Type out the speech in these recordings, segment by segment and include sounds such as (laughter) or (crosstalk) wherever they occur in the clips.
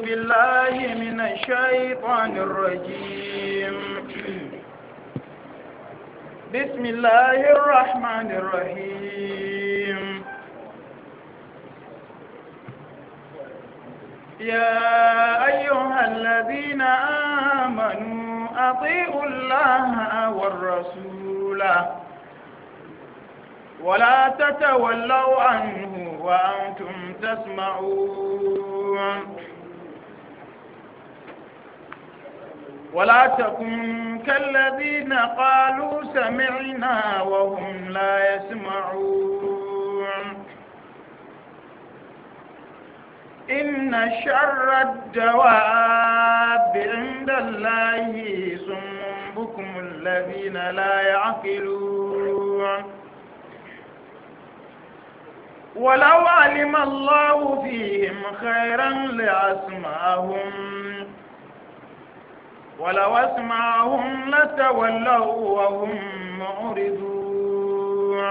بالله من الشيطان الرجيم بسم الله الرحمن الرحيم يا أيها الذين آمنوا أطيعوا الله والرسول ولا تتولوا عنه وأنتم تسمعون ولا تكن كالذين قالوا سمعنا وهم لا يسمعون إن شر الدواب عند الله صم بكم الذين لا يعقلون ولو علم الله فيهم خيرا لأسمعهم ولو أسمعهم لتولوا وهم معرضون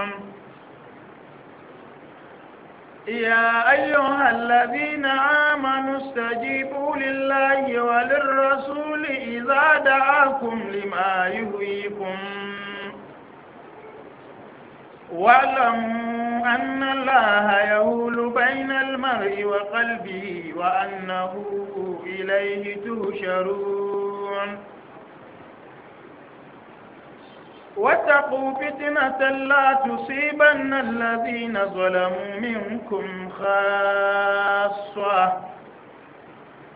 يا أيها الذين آمنوا استجيبوا لله وللرسول إذا دعاكم لما يهويكم واعلموا أن الله يهول بين المرء وقلبه وأنه إليه تهشرون تتقون واتقوا فتنة لا تصيبن الذين ظلموا منكم خاصة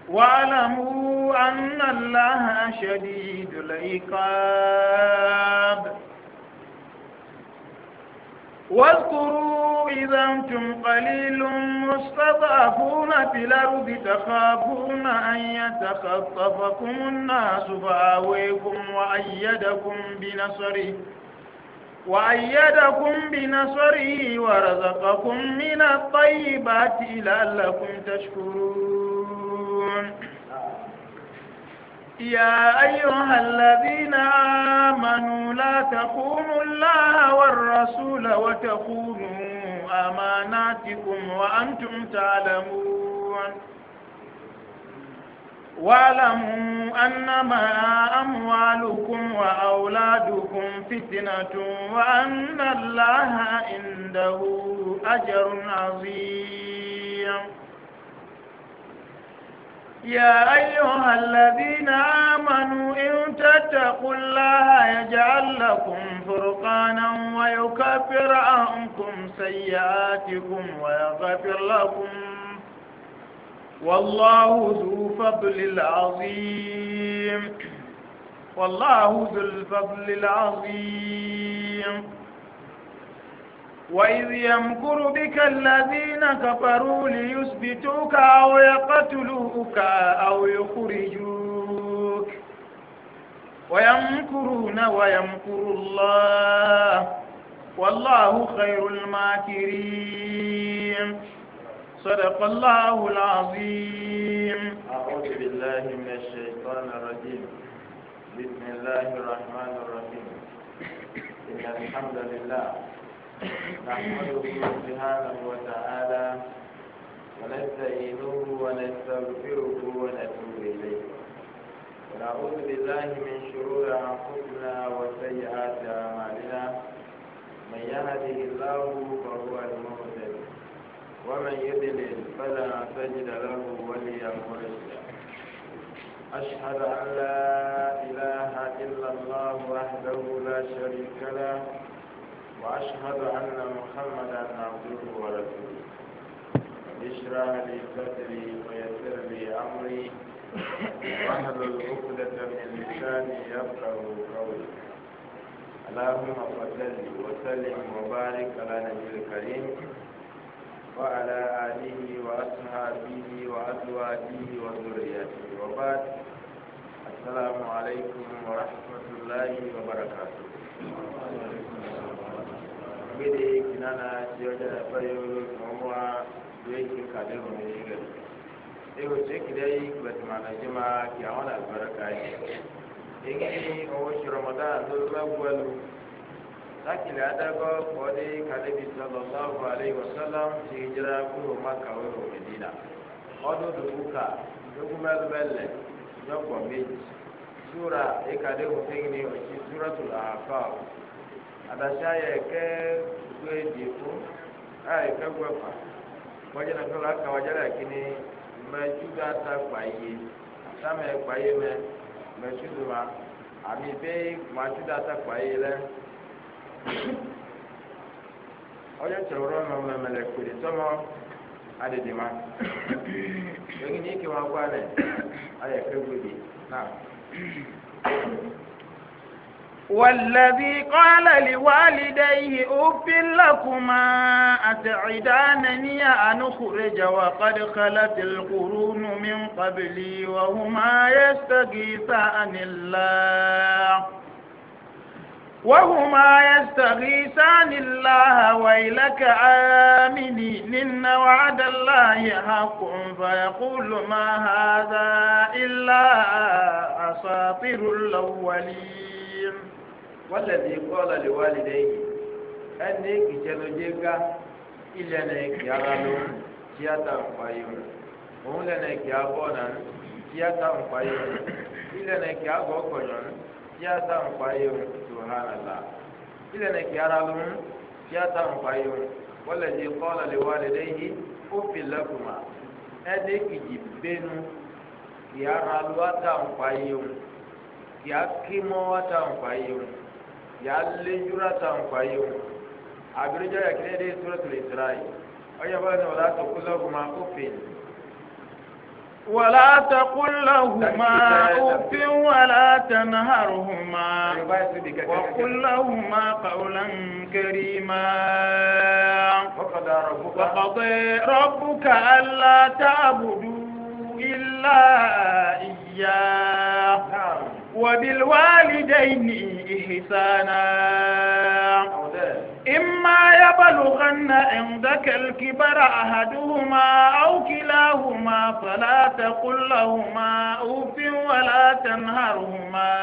واعلموا أن الله شديد العقاب واذكروا إذا أنتم قليل مستضعفون في الأرض تخافون أن يتخطفكم الناس فآويكم وأيدكم بنصره وأيدكم بنصره ورزقكم من الطيبات لعلكم تشكرون يا أيها الذين آمنوا لا تخونوا الله والرسول وتخونوا أماناتكم وأنتم تعلمون واعلموا أنما أموالكم وأولادكم فتنة وأن الله عنده أجر عظيم يا أيها الذين آمنوا إن تتقوا الله يجعل لكم فرقانا ويكفر عنكم سيئاتكم ويغفر لكم والله ذو فضل العظيم والله ذو الفضل العظيم وإذ يمكر بك الذين كفروا ليثبتوك أو يقتلوك أو يخرجوك ويمكرون ويمكر الله والله خير الماكرين صدق الله العظيم أعوذ بالله من الشيطان الرجيم بسم الله الرحمن الرحيم إن الحمد لله نحمده سبحانه وتعالى ونستعينه ونستغفره ونتوب إليه ونعوذ بالله من شرور أنفسنا وسيئات أعمالنا من يهده الله فهو المهتد ومن يضلل فلا تجد له وليا مرشدا أشهد أن لا إله إلا الله وحده لا شريك له وأشهد أن محمدا عبده ورسوله اشرح لي صدري ويسر لي أمري واحلل عقدة من لساني يفقه قولي اللهم صل وسلم وبارك على نبي الكريم وعلى آله وأصحابه وأزواجه وذريته وبعد السلام عليكم ورحمة الله وبركاته gede kinana yoja da fayo kuma yake kade mu ne ga e o ce kidai batma na jima ki awon albaraka ne e ki o shi ramadan do ma gwalu laki la da go ko de kale bi sallallahu alaihi wasallam ti jira ku makka wa medina odo do buka do kuma belle do ko meji sura e kade àtàṣà yẹ kẹ́ gbé dì fún ayé kẹ́ gbé fà wọ́jọ́ náà kọ́lá kàwá jáde kìíní mẹ́túgà ta fàyè sàmẹ́ fàyè mẹ́ mẹ́túgà àmì bẹ́ẹ̀ mẹ́túgà ta fàyè lẹ́ ọjọ́ tẹ̀wọ́ rọ́ọ̀mọ́ mẹ́mẹ́lẹ́ kùdì tọ́mọ́ adede ma yẹ́nì ní kí wọ́n kọ́ alẹ̀ ayẹ̀kẹ́ gbèdé náà. والذي قال لوالديه أف لكما أتعدانني أن أخرج وقد خلت القرون من قبلي وهما يستغيثان الله وهما يستغيثان الله ويلك آمن إن وعد الله حق فيقول ما هذا إلا أساطير الأولين walladhi qala liwalidayhi ẹni kìtsẹnudéka ilẹ̀nà kìaralo tíátà nkpayò òun lẹ̀nà kìabọ̀ nànú tíátà nkpayò ilẹ̀nà kìagọ̀ kọ̀nyọ̀nú tíátà nkpayò subhanallah ilẹ̀nà kìaralo tíátà nkpayò walladhi qala liwalidayhi uffil lakuma ẹni kìdì bẹ́nu kìaralo ata nkpayò kìakímọ́ ata nkpayò. ya lejura tanfayo abirija ya kire dai suratul isra'i aya ba ne wala ta kullu kuma ufin ولا تقل لهما أف ولا تنهرهما وقل لهما قولا كريما وقضى ربك ألا تعبدوا إلا إياه وبالوالدين إحسانا إما يبلغن عندك الكبر أحدهما أو كلاهما فلا تقل لهما أوف ولا تنهرهما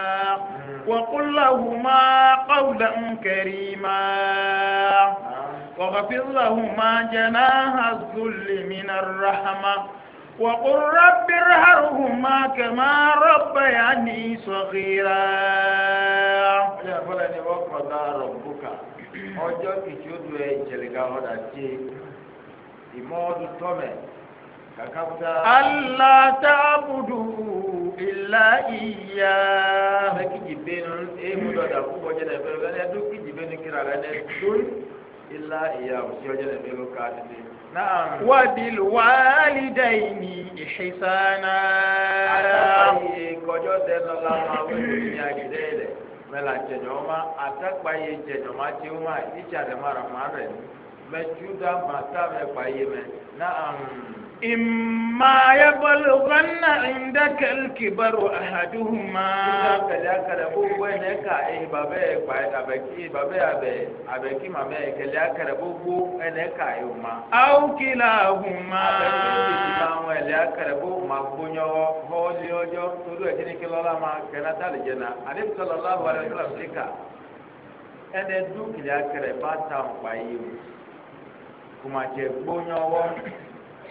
وقل لهما قولا كريما واغفر لهما جناح الذل من الرحمة وقل رب ارحمهما كما ربياني صغيرا ọjọ́ kìtì odò ẹ̀ jẹ̀lẹ̀ka ọ̀dà tí ìmọ̀ ọdún tọ́mẹ̀ kàkà fúta. allah ta'budu illa iya. ẹ kìjì bẹ́ẹ̀ nù ẹ mú dọ̀dà kú bọ́jẹ́ náà bẹ́ẹ̀ bẹ́ẹ̀ ẹ dún kìjì bẹ́ẹ̀ nù kíra rẹ̀ ẹ dún illa iya òsì ọjọ́ náà bẹ́ẹ̀ ló ká tètè. نعم وبالوالدين إحسانا kọjọ tẹ lọla máa wí lórí àgídé rẹ mẹla jẹjọma àtàkpàyè jẹjọma tí ó máa ìjà rẹ máa rà máa rẹ mẹtúdà màtà mẹkpàyè mẹ náà. إما يبلغن عندك الكبر أحدهما كلا كلا بو وينك أي بابي بعد أبكي بابي أبي أبكي ما بي كلا كلا بو وينك أيهما أو كلاهما كلا كلا بو ما بنيو هولي أجو تلو أجري كلا لا ما كنا تالجنا أنيب صلى الله عليه وسلم لك أنا دو كلا كلا باتا مبايو كما تبو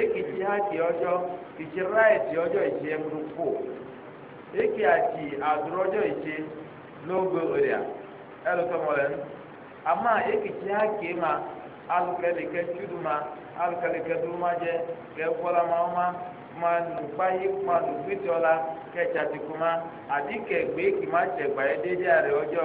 èkìtì hàkì ọjọ́ ìtì ráìtì ọjọ́ ìtì ẹ̀mùrúkọ èkì àti àdúrọ́jọ́ ìtì lóògbé òrìà ẹlòtọ́mọlẹ́nu àmọ́ èkìtì hàkì ma alùkẹ́lẹ́kẹ́ tùdù ma alùkẹ́lẹ́kẹ́ dúró ma jẹ kẹ́kọ́lá ma ọmọ ma nùgbáyé ma nùgbìtọ́lá kẹ́tsàtìkù ma àdìkẹ́gbé kì má tsẹ̀gbáyé dédé àrẹ ọjọ́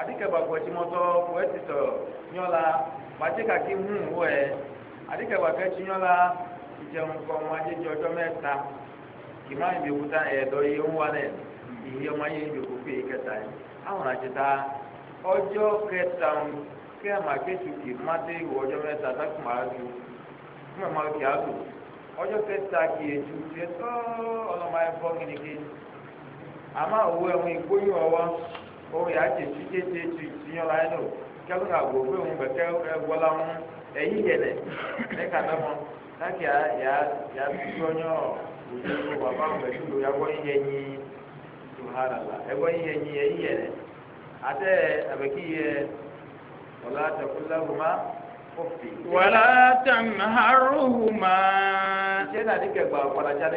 adike ba kɔtsi ka kɔ hụ nyɔla e. kaki hu wɛ adike ba kɛtsi nyɔla idzeŋu kɔmɔ adzedze ɔdzɔ mɛ ta kìmá yi bìkú ta ɛdɔ yi ŋu wa lɛ ìyí ɔmɔ yi bìkú pé yi ta ɔdzɔ kɛ ama kɛtsu kìmá dé wɔ ɔdzɔ mɛ ta taku ma du Kuma ma etu tɔɔ fɔ ɛmu o yà tsi tsi tsi tsi tsi nyɔ la yɛ no ke ka gbɔ pe ŋun bɛ kɛ ɛgbɔ la ŋu ne ka mɛ mɔ n'aki ya ya ya tɔ nyɔ wòtí o bàbá ŋun bɛ ya gbɔ yi nyi nyi hã la ɛgbɔ yi yɛ nyi ɛyi gɛlɛ atɛ abɛki yɛ wòlá tɛkula wòma kɔfi. wòlá tɛmɛharu wòma. ìṣe nàdí kẹgbà kpalajà ní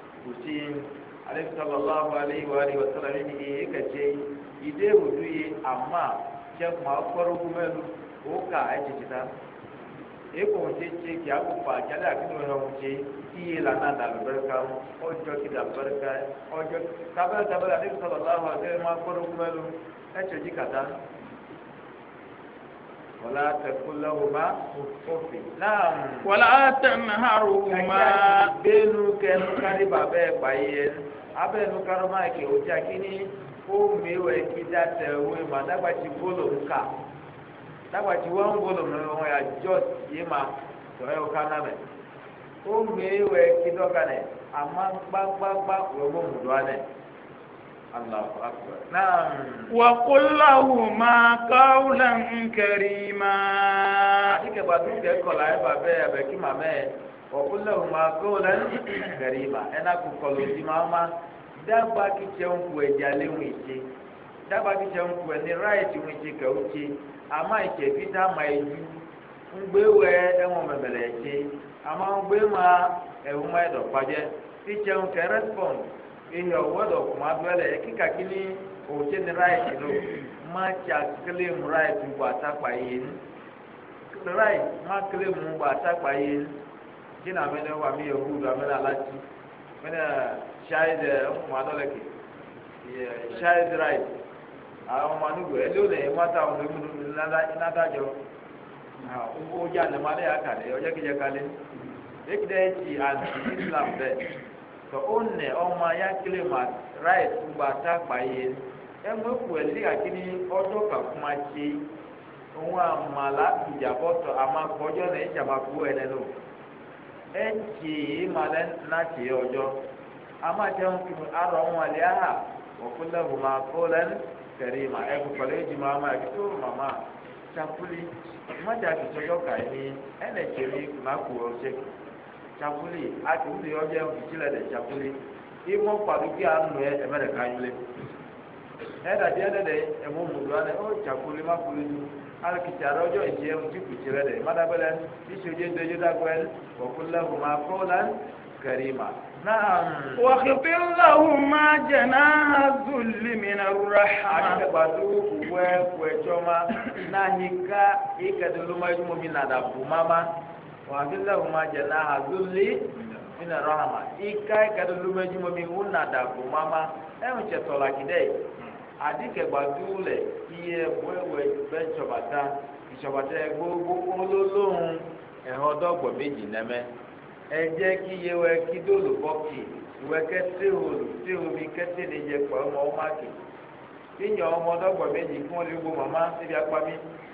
kusi alaihi sallallahu alaihi wa alihi wa ni e ka ce ide wudu ye amma ce ma kwaro kuma lu ko ka a ce ta e ko ce ce ki aku fa ja da ki no no ce ki ye la na da barka o jo ki da barka o jo ka ba da ba alaihi ولا تقل لهما اف نعم ولا تنهرهما بينو كانو كاري abẹnu karoma eke ojà kínní ó mewẹ kíjà tẹwé ma dàgbàtí bolo nka dàgbàtí wọn bolo jọ ma tọyọ kánà mẹ ó wọn نعم وقل لهما قولا كريما وقل لهما قولا كريما انا كقولوا دي ماما دابا كي تشونكو اجالين ويتي دابا كي تشونكو ني رايت ويتي كوتي اما يجي ngbewe ama ma ihe ọwọdọ kuma abẹlẹ kíkà kíní òjé ni ráìtì ló má tsa kílèmù ráìtì bò àtàkpà yìí ní ráìtì má kílèmù bò àtàkpà yìí ní jìnnà amẹnẹ wà mí yòówù do amẹnẹ aláti mẹnẹ ṣáyé dẹ ọmọ adọlẹkẹ ṣáyé dẹ ráìtì àwọn ọmọ anúgbò ẹ ló má ta ọmọ ẹmu ọjà yà ọjà tɔ one ɔma ya kele ma right gba ihe, gba ye ɛmɛku ɛli akini ɔdɔ ka kuma tsi ohun ama la dudza bɔtɔ ama na ne dzaba ku ɛnɛ no ɛtsi ma lɛ natsi ɔdzɔ ama tɛ ŋu tu arɔ ŋu aha wɔfu lɛ ʋu ma kó lɛ ma kɔlɛ ma ma mama tsakuli ka yi ni ɛnɛ tsi mi ma ku ɔtsɛ. tsakuli ati wuli ɔdze ŋutsi lɛ ɖe imɔ kpadu bi anu yɛ ɛmɛ ɖe ka nyuie ɛda di ɛdɛ dɛ ɛmɔ mu anɛ ɔ tsakuli ma kuli du alukitsa ɖe ɔdze ŋutsi yɛ ŋutsi kutsi lɛ ɖe ma dabɛ lɛ isu dze do edzo dagbɛ lɛ wɔku lɛ ko ma kɔ lɛ kɛrima. واخفض لهما جناح الذل من الرحمة akẹ́gbàdo wẹ́ẹ́kù ẹ̀jọ́ ma náà ní ká ìkẹ́dùn ló máa ń mú mi nàdà bù má má. wàhálà ma jẹ náà àdúlé nínú ẹ̀rọ àmà ika ìkàdé olúmọdúnmọ́ mi ń nà dàgbò máma ẹ̀hún tẹ̀ tọ̀lá kìdẹ́ yìí àdìkẹ̀gbàdú lẹ̀ iye wẹ́wẹ́ bẹ́ ìṣọ̀bàtà ìṣọ̀bàtà gbogbo olólóhùn ẹ̀hún ọdọ́gbọ̀ méjì nẹ́mẹ́ ẹ kí iye kí òòlù omi ọmọ ọmọ méjì kí lè gbó màmá síbi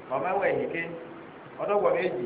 màmá yìí ké méjì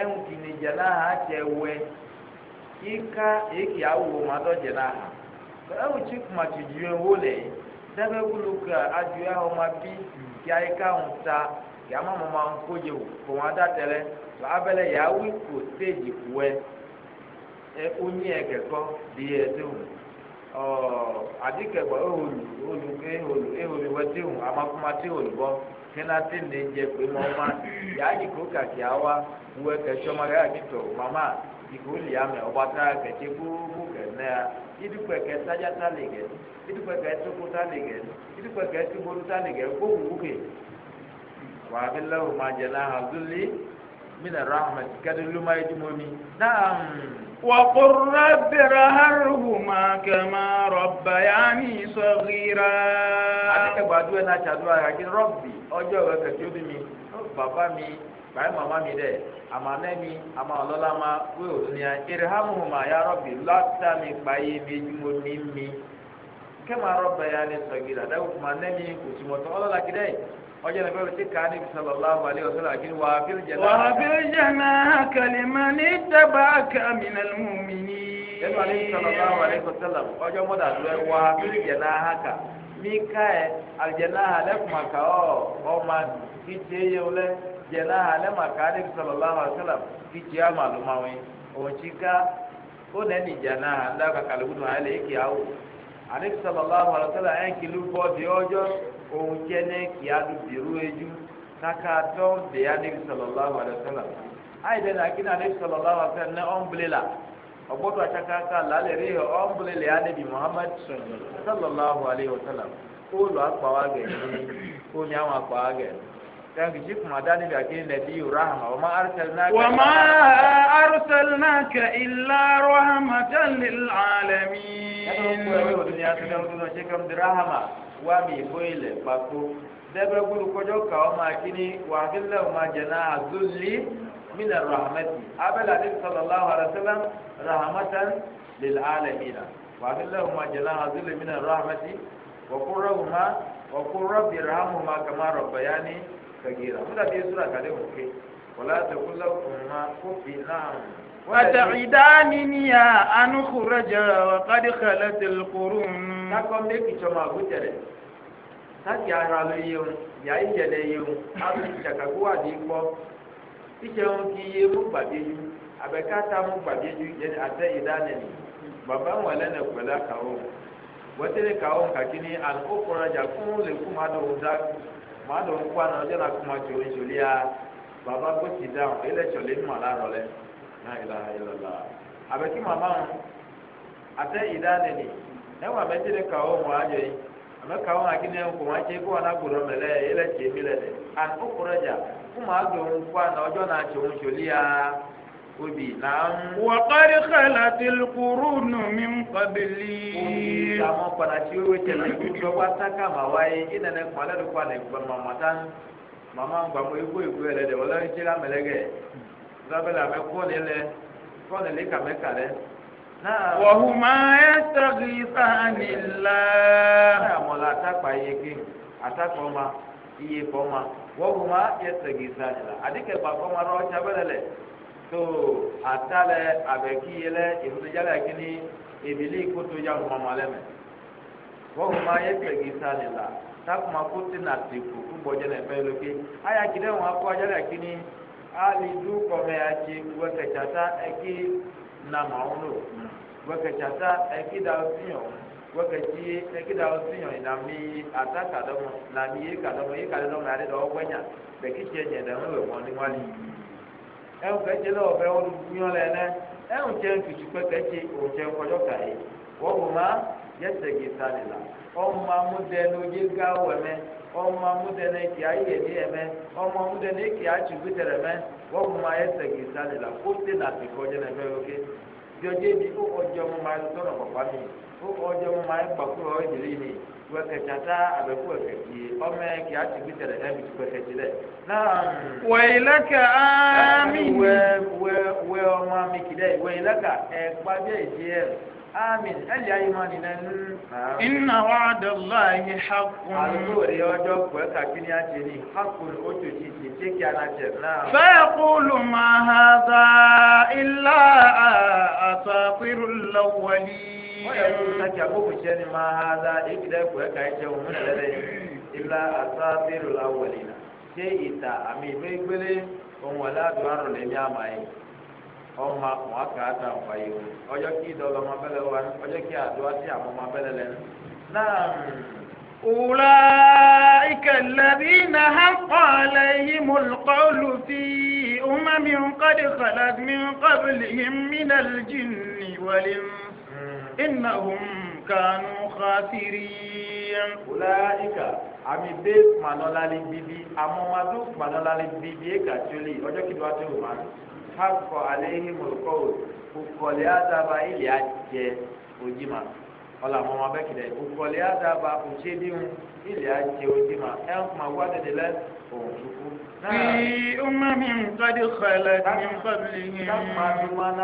ẹ̀hún kìíní dza n'aha atsɛ wɛ ika eke awo ma dɔ dza n'aha ɛhún tsi kuma tsi dzi kulu ka adu yɛ ɔma bi kia ika ŋu ta ma ma o ma da tɛ ko stage onye kɛkɔ di adikɛgbɔ eholu eholu eholu eholu wɛti ŋu amakumati olubɔ kena ti ne dze pe ma ɔma yaa yiko kaki awa wɛ kɛtsɔ ma yaa kitɔ mama yiko li amɛ ɔba ta kɛtɛ gbogbo kɛnɛa idukpɛ kɛ sadza ta le gɛ idukpɛ kɛ tsoko ta le gɛ idukpɛ kɛ tubolu ta le gɛ gbogbo wuke wa bi lɛ o ma dze na ha zuli mi na rahmat kɛdɛ luma edumoni naam. وقل رب ارحمهما كما ربياني صغيرا akẹ́kọ̀ọ́ àdúrà náà ṣàdúrà rẹ̀ kí rọ́bì ọjọ́ rẹ̀ kẹ̀kẹ́ ó bí mi bàbá mi bàbá màmá mi mi àmà ma wé òdùnìyà irhamuhuma ya rọ́bì látà mi pààyè mi ejúmọ́ ní ya ni ọjọ́ ìfẹ́ mi ti kà á níbi sallallahu alaihi wasallam àkínní wà á bírí jẹ̀nà. wà á bírí jẹ̀nà kàlímà ní dábà kàmínà lùmí ní. ẹnu àníbi sallallahu alaihi wasallam ọjọ́ mọ́tà lọ wà á bírí jẹ̀nà hàkà mí ká ẹ àlùjẹ̀nà àlẹ́kùnmá kà ọ́ ọmọ kìtì yẹn lẹ jẹ̀nà àlẹ́mà kà á níbi sallallahu alaihi wasallam kìtì àmà lùmáwé òǹtsíká òun jẹ́ ní kìádù dèrú ejú naka tọ́ dèyà níbi sọlọ́lá wàlẹ́sọ́lá àyẹ̀dẹ̀ náà kí náà níbi sọlọ́lá wàlẹ́sọ́lá ní ọ̀nbùlélà ọ̀gbọ́dọ̀ àtàkàkà lálẹ́ rí ọ̀nbùlélà yà níbi muhammad sọlọ́lá wàlẹ́sọ́lá ó lọ àpàwà gẹ̀ẹ́ni ó ní àwọn àpàwà gẹ̀ẹ́ni. كان يجيك ما داني بأكين الذي رحمة وما أرسلناك وما أرسلناك إلا رحمة للعالمين wami ifoile kpakpo dẹbẹ gbúdú kọjọ kà ọ máa kíní wà nílẹ ọ máa jẹnà àzúlì mina rahmati abẹlẹ àti sọlọláhu alayhisalam rahmatan lil alamina wà nílẹ ọ máa jẹnà àzúlì mina rahmati wọkúrọ ọmọ wọkúrọ bìrìhàmù máa kàmá rọbẹyàní kagira múdà bíi sùrà kàdé òkè wọlá tẹkúlẹ ọmọ kófì náà. وتعدانني أن أخرج وقد خلت القرون. نكم بك شما láti ara ló yẹ òun ìyá ìjẹlẹ yẹ òun àti ìjàkàgbó wà ní gbọ́ ìjẹun kì í yé mú gbàdéjú àbẹ̀kátà mú gbàdéjú yẹn àtẹ ìdánẹ̀lì bàbá wọn lẹ́nu pẹ̀lú àkàwọ́ wọ́tẹ́lẹ̀ kàwọ́ kàkíní àlùkò kọ́nàjà fún lè fún màdùn dá màdùn àná náà bàbá ti dáhùn lé àlá náà màmá àtẹ wọn mẹ́ka wọn àti ní ẹ̀kọ́ wọn ṣe kó wọn na mẹ́lẹ́ ẹ̀yẹ́lẹ́ tì mí lẹ́dẹ̀ àti kókòrò jà fún màá gbé òun fún àná ọjọ́ náà ya obì náà ń. wọ́kọ́rí kẹlẹ́ ti kúrú nù mí ń kọ́bìlì. àwọn kọ̀nà tí ó wa وهما يستغيثان الله مولا تاكبا يكي أتاكما يكما وهما يستغيثان الله أديك باكما روشا بدلة so atalɛ abɛkiye lɛ ìfutujala kini ebili kutuja ŋmama lɛ mɛ wɔhuma yɛ pɛgi sani la takuma kuti na teku kubɔdze na ɛfɛ loke aya akɔ kini alidu kɔmɛ wɛkɛtsata na mauno wakachata ekida osinyo wakachi ekida na mi ataka na mi eka na redo ogwenya bekiche nye da nwe ni wali e o keche lo be o dunyo le e o yɛtɛgi ta le la ɔma mudɛnu yega wɛmɛ ɔma mudɛnu eke ayɛ ni eke atsugu tɛrɛ mɛ wɔkuma yɛtɛgi la na ti kɔdze na yoke diɔdze di ko ɔdzɔ mo ma tɔnɔ kɔkɔ mi ko ɔdzɔ mo ma kpɔkuro ɔdzeli ni wɛkɛtsata abɛku آمين هل يا إيماننا إن وعد الله حق فيقول ما هذا إلا أساطير الأولين ما هذا إلا أساطير الأولين ṣé ìta àmì ìgbégbélé ohun ọ̀làdùn àrùn lèmi ọma mọ aka ata nkwa yi o ọjọ kí dọlọ ma bẹlẹ wa ọjọ kí adu ati àmọ ma bẹlẹ lẹ náà. أولئك الذين حق عليهم القول في أمم قد خلت من قبلهم من الجن والإنس إنهم كانوا خاسرين أولئك àmì bẹ manọlali bibi amọmadu manọlali bibi ekatsoli ọjọ kí do ati o hakọ aleyhi mọlkọwò ukọlẹ adaba ilẹ ajẹ ojima ọlà mọ ọmọ abẹ kìlẹ ukọlẹ adaba òṣèlú ilẹ ajẹ ojima ẹ ń kuma wá dédé lẹ òun tukú. fi ọmọ mi nǹkan di xẹlẹ ní nǹkan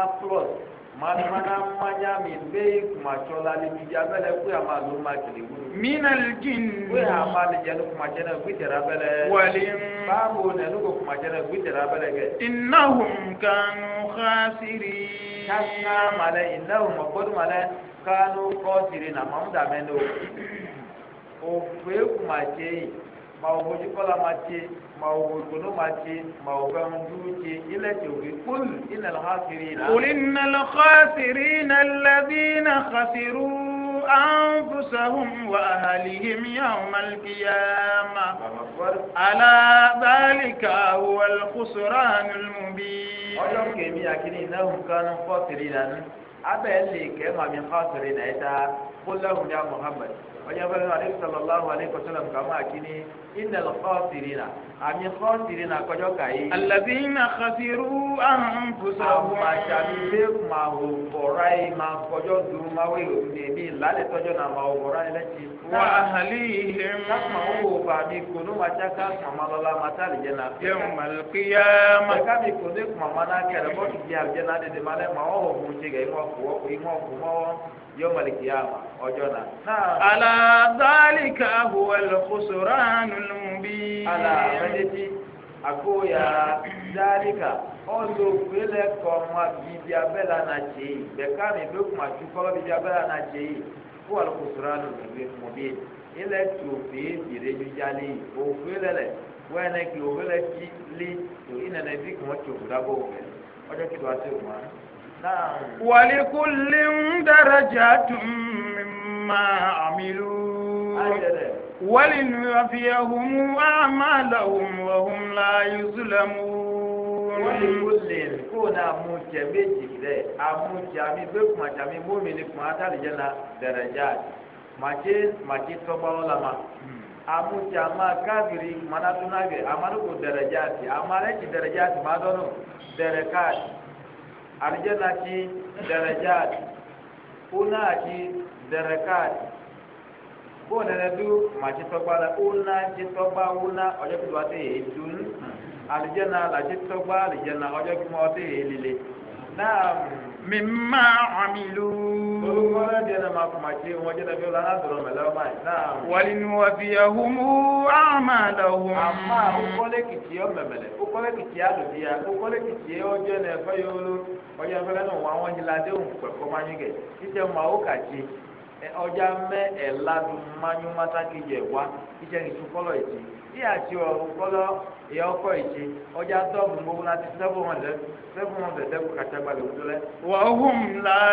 masana mmanya mi bee kuma tsɔ la le didi abe le koe ama lo ma kele wolo. minal jin. koe ama le dze nu kuma tse na gbitera abe le. wali. baabo ne nugo kuma tse na gbitera abe le innahum kanu khasiri. kaka ma lɛ innahum gbɔdu ma lɛ kanu kɔsiri na mamu dame no. ofe kuma tse màwòwò jikɔla ma tse màwòwò gbolo ma tse màwòwò fɛnjugu tse ilẹ̀ tòwé kúl ìnàlẹ̀ ha siri la. kùlì nàlẹ̀ ha siri na lẹ́bí na xasiru anfusahum wa ahalihim yawmal qiyama. ala dhalika huwa al-khusranul mubin. ọjọ́ kèmí akíní náà nǹkan fọ́ siri la ní abẹ́ lè kẹ́ màmí ha siri náà ta kó lẹ́hùn ya muhammad. ọjọ́ fẹ́ lọ́wọ́ aleyhi sallallahu alayhi wa sallam kà máa kí ni iná lọ́kọ́ siri na àmì kọ́ siri na kọjọ́ kà yìí. alabi na xasiru ahun fusa wọn. àwọn àṣàmì bẹ́ẹ̀ máa wò bọ̀rọ̀ yìí máa kọjọ́ dùn máa wé òun ní èmi ìlàlẹ̀ tọ́jọ́ náà máa wò bọ̀rọ̀ yìí lẹ́tì. wà á hàlí ilé mọ́. káfíń àwọn bá mi kò ní wàá já ká kàmá lọ́la máa tá náà. yẹ́n يوم القيامة أجونا ألا ذلك هو الخسران المبين ألا مجدي يا ذلك ọlọ gbẹlẹ kọ ma bibi abẹla n'atse yi bẹka mi bẹ kuma tu kọ bibi abẹla n'atse yi fún alukosora ló ń gbé mọ bíi ilẹ̀ tó fi bìrẹ̀ dùjálẹ̀ yìí òfin lẹ̀lẹ̀ wọ́n ẹnẹ́ kí òfin lẹ̀ ti lé tó ìnana ẹbí kò wọ́n tó gbúdá bọ̀ wọ̀ kí ló wá sí ولكل درجات مما عملوا ولنوفيهم أعمالهم وهم لا يظلمون ولكل كون أموتي بيتك أموتي أمي بيك ما تامي مؤمنك ما تالي درجات mace mace tɔgbawo la ma amu ti a ma kafiri mana tuna kɛ a ma ne ko dɛrɛja ti a ma ne ti dɛrɛja ti ma dɔn no dɛrɛ ka aljanna ci darajat una ci darakat ko nana du ma ci tɔgba la una ci tɔgba una ɔjɔ kutu ate yi dun aljanna la ci tɔgba aljanna ɔjɔ kuma ate lile naam. mímá àmìlú. olùkọ́ lẹ́dí ẹ̀nà máa kùmà tí wọ́n jẹ́ tẹ́fẹ́ lọ́nà dọ̀rọ̀ mẹ́lẹ́ ọmọ yìí náà. wàlínú ọbí ẹ̀hún àmà lọ́hùn. àmà òkọ́lé kìtì ọ mẹ̀mẹ̀lẹ̀ òkọ́lé kìtì àlòdì yá òkọ́lé kìtì ọjọ́ ẹ̀ fẹ́ yóò ló ọjọ́ fẹ́ lẹ́nu wọn àwọn jìlá déhùn pẹ̀kọ́ máa yín kẹ̀ títẹ̀ mọ àwọn ọjà mẹ́ wá tí àti ọ̀hún kọ́lọ́ ìyá ọkọ̀ ìṣe ọjà tọ́ọ̀bù gbogbo láti sẹ́fù wọn dẹ́ sẹ́fù wọn dẹ́ sẹ́fù kàtà gbalẹ̀ òkú lẹ́. wà á hùm náà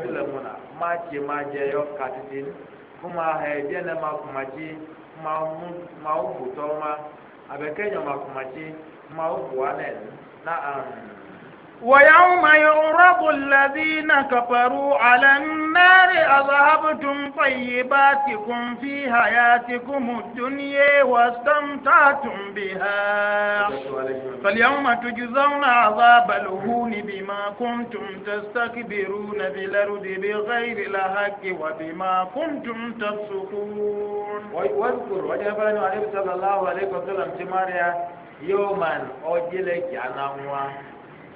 kí náà má jẹ má jẹ yọ máa ẹ̀ má jí ó bù tọ́ jí ويوم يعرض الذين كفروا على النار أذهبتم طيباتكم في حياتكم الدنيا واستمتعتم بها فاليوم تجزون عذاب الهون بما كنتم تستكبرون في الأرض بغير الحق وبما كنتم تفسقون واذكر وجبان عليه صلى الله عليه وسلم تماريا يوما أجلك أنا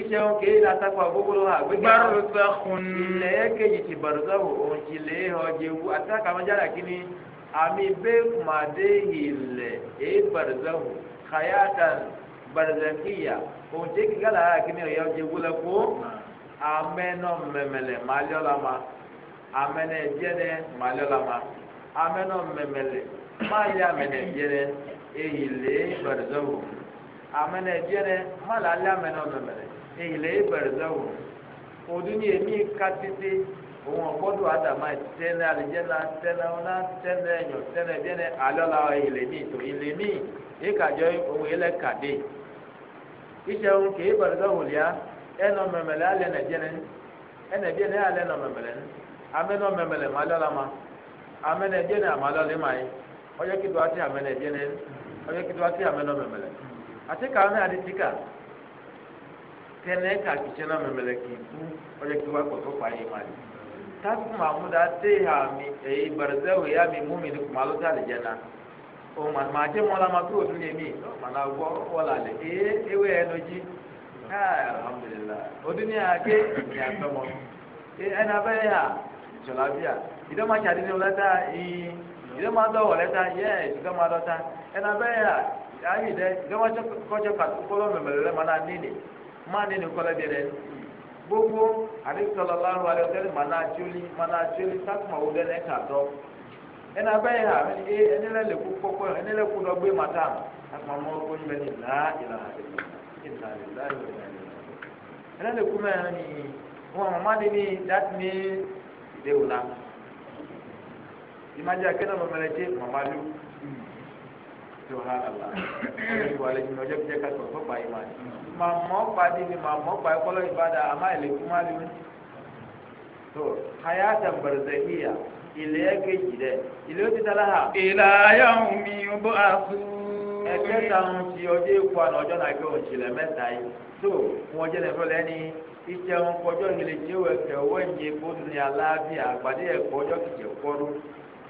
iṣẹ́ wọn kéé la takpa gbogbo ha gbẹgbẹ. barusa kun. ilẹ̀ yẹ kéjì ti barusa wò ohun ti lè ọjẹ wu àti àkàmọ́jára kínní àmì bẹ́ẹ̀ kùmàdé ilẹ̀ èé barusa wò hayatan barzakiya ohun tí kíkà lára kínní ọ̀yà ọjẹ wu lẹ kó amẹ́nọ mẹmẹlẹ màálíọ́lá ma amẹ́nẹ jẹ́nẹ màálíọ́lá ma amẹ́nọ mẹmẹlẹ máàlí amẹ́nẹ jẹ́nẹ èyí lè barusa wò amẹ́nẹ jẹ́nẹ máàlí amẹ́nọ mẹmẹlẹ. ilẹ̀ ìbẹ̀rẹ̀dáwò ọdún ní èmi ká títí òun ọ̀gbọ́dọ̀ àdàmà tẹ́lẹ̀ àlìjẹ́nà tẹ́lẹ̀ ọ̀nà tẹ́lẹ̀ ẹ̀yàn tẹ́lẹ̀ bíẹ́nẹ̀ alọ́la ile mi tó ile mi ìkàjọ òun ilẹ̀ kàdé iṣẹ́ òun kì í bẹ̀rẹ̀dáwò lẹ́yà ẹnọ mẹ̀mẹ̀lẹ̀ alẹ́ nàìjẹ́nẹ́ ẹnẹ bíẹ́nẹ̀ alẹ́ nọ mẹ̀mẹ̀lẹ̀ amẹ́nọ ma amẹ́nẹ bíẹ́nẹ̀ àmà lọ́lẹ́ ma yẹ kí tẹnɛ ka kitsɛ na mɛmɛ lɛ k'i ku ɔlɛ k'i wa kɔtɔ fa yi ma di taku mamuda te ha mi eyi barzɛwo ya mi mumi ni kuma lɔta le dze o ma ma tse mɔ la ma kuro nu le mi ma na gbɔ wɔla le ee ewe yɛ no dzi aa alhamdulilayi o duni ya ke ni a tɔmɔ ee ɛna bɛ ya tsɔla bia ìdè ma tsa di ni o lɛ ta ii ìdè ma dɔ wɔ lɛ ta yɛ ìdè ma dɔ ta ɛna bɛ ya ayi dɛ ìdè ma tse kɔtsɛ kɔlɔ mɛmɛ lɛ ma na nini. má nínú kọ́lẹ́ bí rẹ gbogbo àdéhùsọ̀lọ́ lárúbá rẹ ọ̀tẹ́lẹ̀ má náà tíólì má náà tíólì sákùmá wo dẹ́nẹ́ kà dọ́ ẹnì abẹ́yẹ hà mí ẹ ẹni lẹ́ lẹ́kú kọ́kọ́ ẹni lẹ́kú lọ gbé màtá àkùmá mọ́ ọkọ ní bẹ́ẹ̀ ní ìlà ìlà ìlà ìlà ìlà ẹni lẹ́kú mẹ́rin ni wọn mọ̀ má ní ní that means ìdéwòlá ìmájà kẹ́nà mọ̀mọ́lẹ́jẹ́ mọ̀mọ́lú subhanallah ẹni wà lẹ́yìn ọjọ́ bí jẹ́ ká sọ̀rọ̀ fọ́pàá yìí ni màá mọ́ pàdé kọ́lọ́ ìbàdà àmà ilẹ̀ kú má lóyún. tó hayata barzakhiya ilẹ̀ yẹ kejì dẹ̀ ilẹ̀ yóò ti dára ha. ìlà ayọ̀ mi ò bọ́ àfú. ẹgbẹ́ táwọn ti ọjọ́ èkó àná ọjọ́ náà gbé òǹtí lẹ̀ mẹ́ta yìí. tó kọjọ́ ìlẹ̀ jẹ́wọ́ ẹ̀kẹ́ owó ẹ̀yẹ kó ní aláàbíà àgbàdì ẹ̀kọ́ ọjọ́ kìjẹ́ kọ́dún.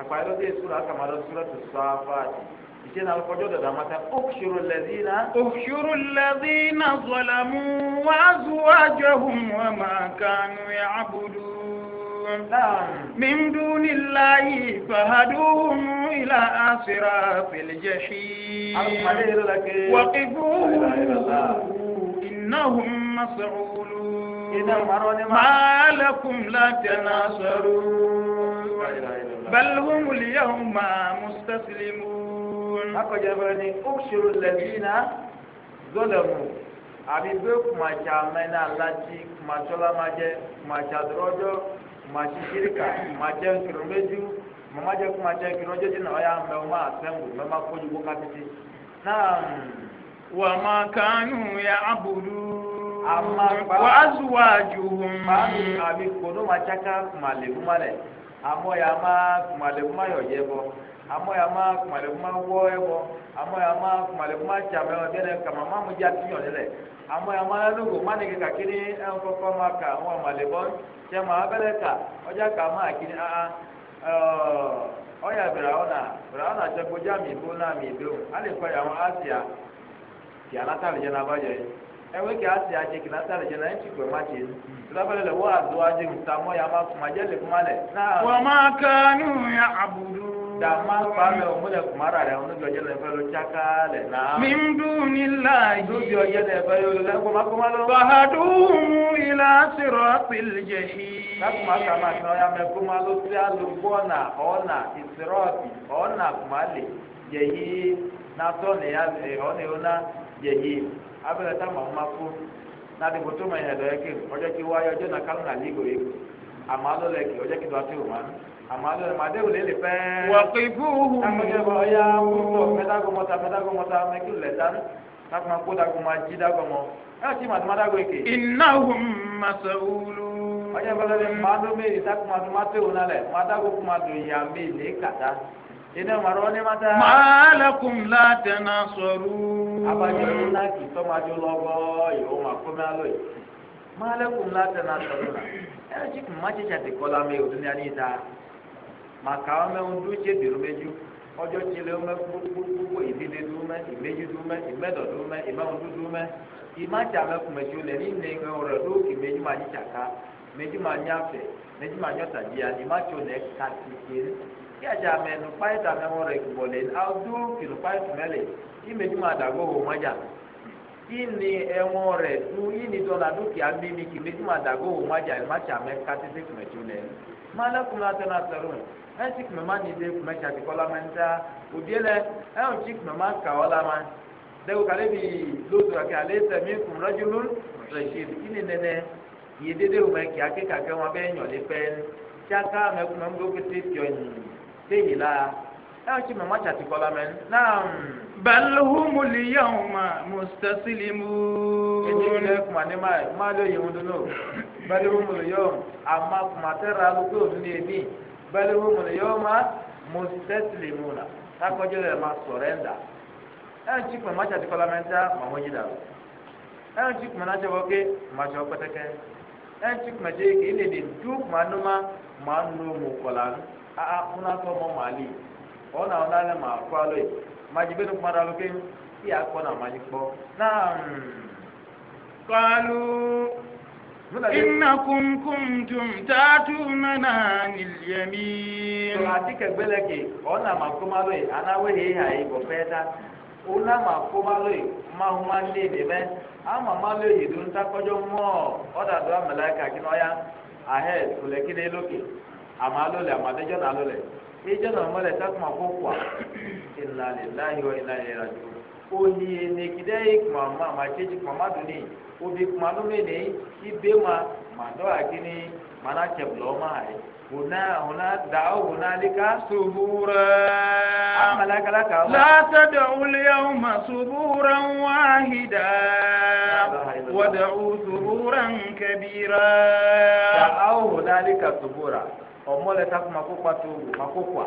akpayɔrɔ de sura kama dɔ sura tu ite na náà kọjọ́ dọ̀dọ̀ àwọn ta ọ̀ṣọ́rọ̀ lẹ́dínà. ọ̀ṣọ́rọ̀ lẹ́dínà zọlẹ́mú wá zuwájọ́ hùn wọn máa kánú ẹ̀ àbúdú. من دون الله فهدوهم إلى صراط الجحيم وقفوهم إنهم مسعولون ما لكم لا تناصرون بل هم اليوم مستسلمون أكو جبرني أكشر الذين ظلموا àbí pé kùmàtsà mẹ́nà láti kùmàtsà ọlámàjẹ kùmàtsà dọ́rọ́jọ́ kùmàtsà ìṣiríkà kùmàtsà kìrọ̀mẹ́jú mọ̀mọ́jẹ kùmàtsà kìrọ̀mẹ́jú dínà ọ̀yà mẹ́wọ́mọ́ àtẹ́wò mẹ́má kójú kó kátìtì. náà wà á máa kánú ya abudu wà á amɔ ya ma kumale kuma yɔ yɛ bɔ amɔ ya ma kumale kuma wɔ yɛ bɔ amɔ ya ma kumale kuma tsamɛ yɔ tɛ lɛ kama ma mo dza ti yɔ lɛ amɔ ya ma lɛnugo ma nege ka kini ɛn kɔkɔ ma ka ŋɔ ma le bɔ tɛ ma abɛlɛ ka ɔdza ka ma kini aa ɛɛ ọyà bìràwọnà bìràwọnà jẹ gbọdọ àmì ìbò náà àmì ìbò alẹ kọyà wọn á sì à kì á látàlẹ jẹ náà ẹwé kí a ti àjẹkì náà sáré jẹ náà ń tìpẹ́ má jẹ lọ́bẹ̀rẹ̀ lẹ̀ wọ́n àdó ajé nǹta mọ́ ya má kùmà jẹ́ lè kùmà lẹ̀. wọ́n máa kánú ya àbùdù. dàmá pàmẹ́ òmùlẹ̀ kùmárà rẹ̀ ọ̀nà ìjọ jẹ́lẹ̀ fẹ́ ló tíákà lẹ̀ náà. mi ń dùn ní láàyè. lóbi ọjẹ́ lẹ̀ fẹ́ yóò lẹ́ kó má kó má lọ. fàdúmù ilà sírọ̀ pèlìjẹ̀ yìí. lákùmá kàmá kan ya mẹ́ kó má abẹ́rẹ́ tá màá má kú láti kó tó mọ ìyẹn lọ́yẹ́ kí ọjọ́ kí wáyé ọjọ́ náà kálọ̀ náà lígò yìí àmọ́ ló lẹ kí ọjọ́ kí tó a ti wò má àmọ́ ló lẹ má dé òlé lè pẹ́. wà á pè fúhùhù. táwọn ọmọ ya kúrò mẹtàgọmọta mẹtàgọmọta mẹkìlú lẹta láti máa kó dàgọmọ ají dàgọmọ ẹ ti màtí má èké. iná hùm màsàwùlù. ọjọ́ ìfọlẹ́lẹ́ máa ló mẹ́rin tá iná màrọ e n'i mata. màálàkùn maa náà sọ̀rọ̀. abajọ yìí náà kì í tọ́mọdé lọ́gọ́ ìhó máa kọ́mí alọ́ yìí. màálàkùn láti náà sọ̀rọ̀ la ẹ̀rọ tí kùn má ṣe ṣàtìkọ́lá mi ò dúnyà ní ìta. màkà wọn mẹ ń dún ṣe dèrò méjú mẹ mẹ mẹ kí àjà mẹnu páìtà mẹwọn rẹ gbọlẹ àdó kìlọ páìtà mẹlẹ kí mẹjú máa dàgbọ wò wọn jà kí ni ẹwọn rẹ tú yìí ni dọlà dúkìá mímí kí mẹjú máa dàgbọ wò wọn jà ẹ má tsa mẹ kátẹ́tẹ́ kùmẹ̀tì lẹ má lẹ́kùn náà tẹ́lá tẹ́lú ẹtì kùmẹ̀ má ní ilé kùmẹ̀ tsa ti kọ́lá mẹ́ níta òbí lẹ ẹ̀hún tí kùmẹ̀ má kà ọ́ la ma dẹ́gbẹ́ kálẹ́ bi lóso àkẹ́ alẹ́ sẹ́mi kùn rẹ́jú lórí rẹ̀ ṣe kí ni nẹ́nẹ́ yìí dédé wò mẹ́ kí akékàkẹ́ wọn bẹ́ẹ̀ yàn lé pẹ́ẹ́ni tsaka mẹ́kùmẹ́ mú lókè tẹ́ tiọ̀ yìí. téèyàn lára ẹ ọ ti mọ̀ náà. balùwùmù lìyàwó ma mùsùlùmù. èyí ló ń kuma ní máa máa ló yẹ wọn dún náà kuma lìyàwó àmà kùmà tẹ́ra alùpùpù òfin ní èdè balùwùmù lìyàwó ma mùsùlùmù la ma sọ̀rẹ́ndà ẹ ọ ti kuma kuma ma kuna to mo mali ona ona le ma kwa maji ti a na maji po na qalu innakum kuntum yamin gbele ke ona ma ko ma lo ana we he ha e bo fe da ona ma ko ma lo ma ma le de be ama ma lo yi dun ta kojo mo oda do amala ka kino ya ahead kule kide ama alole ama adejo na alole ejo na mole takuma kokwa inna lillahi wa inna ilaihi rajiun oni nekide kuma ma ma cheji kuma maduni obi kuma nume ne ibe ma ma do akini mana cheblo ma ai هنا هنا دعوا هنالك سبورا لا تدعوا اليوم سبورا واحدا وادعوا سبورا كبيرا دعوا هنالك سبورا ọmọ lẹ ta kò ma kó kpató wò ma kó kpa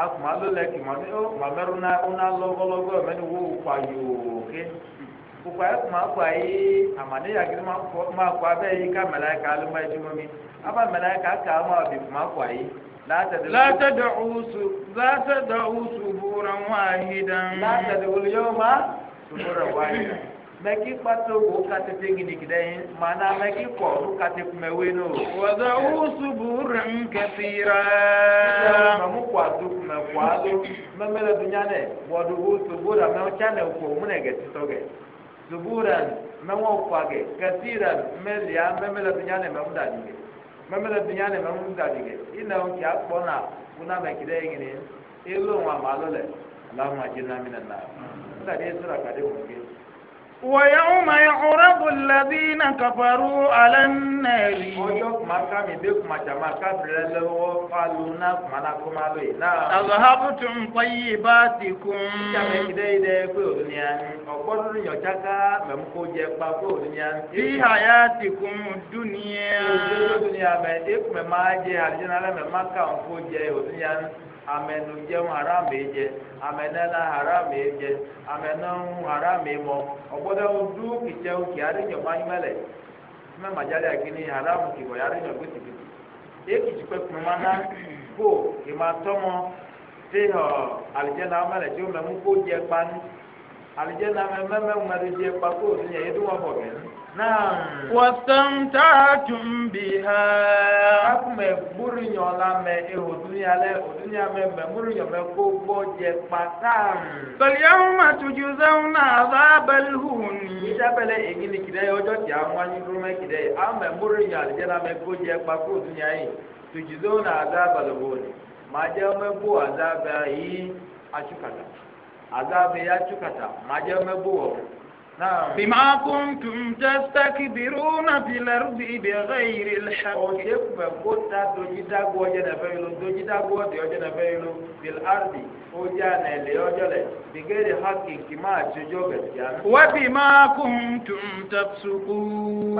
akò ma ló lẹ kì ma mi ó ma mẹrù ná ná lọgọlọgọ mẹ ni wò kpa yòò ké kókò ayé kò ma kpa yé amadi yagiri ma kó yìí ká ká ló mi ká ká kò لا تدعوا سبورا واحدا لا تدعوا اليوم سبورا واحدا mɛki kpato wo katete ŋini ki ɖe mana mɛki kɔ wo kate kumɛ we no. wɔdɔ wo subu rɛm kɛfira. mɛmu kɔ adu kumɛ kɔ adu mɛmɛ lɛ dunya nɛ nɛ kɔ gɛ titɔ gɛ kɔ gɛ mɛ lia mɛmu da di gɛ mɛmu da di gɛ ina kuna mɛ ma alahu ma jina mi ويوم يعرض الذين كفروا على النار أذهبتم طيباتكم في حياتكم الدنيا amẹnu jẹun haram yìí jẹ amẹnẹla haram yìí jẹ amẹnẹhun haram yìí mọ ọgbọdọwọ dúró kìtsẹwò kì arìnyọ máa ń mẹlẹ mẹ màdjálẹ àgbẹni haram kìbọ arìnyọ gbẹtìgbẹtì èkì tsi pẹ kpọmọ ná kó ìmọ tọmọ tí ọ alìjẹnà mẹlẹ tí ó mẹmú kó jẹ kpanu alìjẹnà mẹmẹmẹ mẹlẹ jẹ kpa kó òsì yẹ yẹ dúwọ bọ bẹẹ. واستمتعتم بها akuma egburu nyɔla mɛ eho dunuya lɛ o dunuya mɛ mɛ muru nyɔ mɛ gbogbo jɛ kpata. sɔliyawo ma tuju zɛw na ava bɛli huni. isabɛlɛ egini kidɛ yi ɔjɔ ti amu anyi duro mɛ kidɛ yi ama muru nyɔ alijɛ la mɛ gbogbo jɛ kpakpo dunuya yi tuju zɛw na ava bɛli huni. madze mɛ bo azabɛ yi atsukata azabɛ yi atsukata madze mɛ bo wɔ. بما كنتم تستكبرون في الأرض بغير الحق أجب قطة تجدا قوجة فيلو تجدا قوة يجدا فيلو في الأرض أجانا ليجلا بغير حق كما تجوبت وبما كنتم تفسقون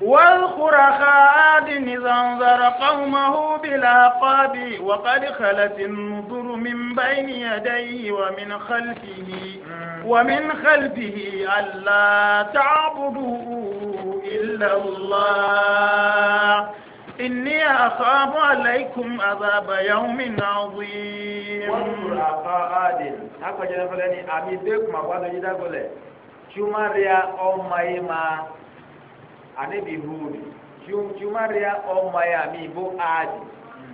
واذكر أخا عاد إذ أنذر قومه بالعقاب وقد خلت النذر من بين يديه ومن خلفه ومن خلفه ألا تعبدوا إلا الله إني أخاف عليكم عذاب يوم عظيم. واذكر أخا عاد أخا أمي بكم أبواب جدا قولي شو مريا أو مايما anabi hud jumaria ọmọ ya mi bo aadi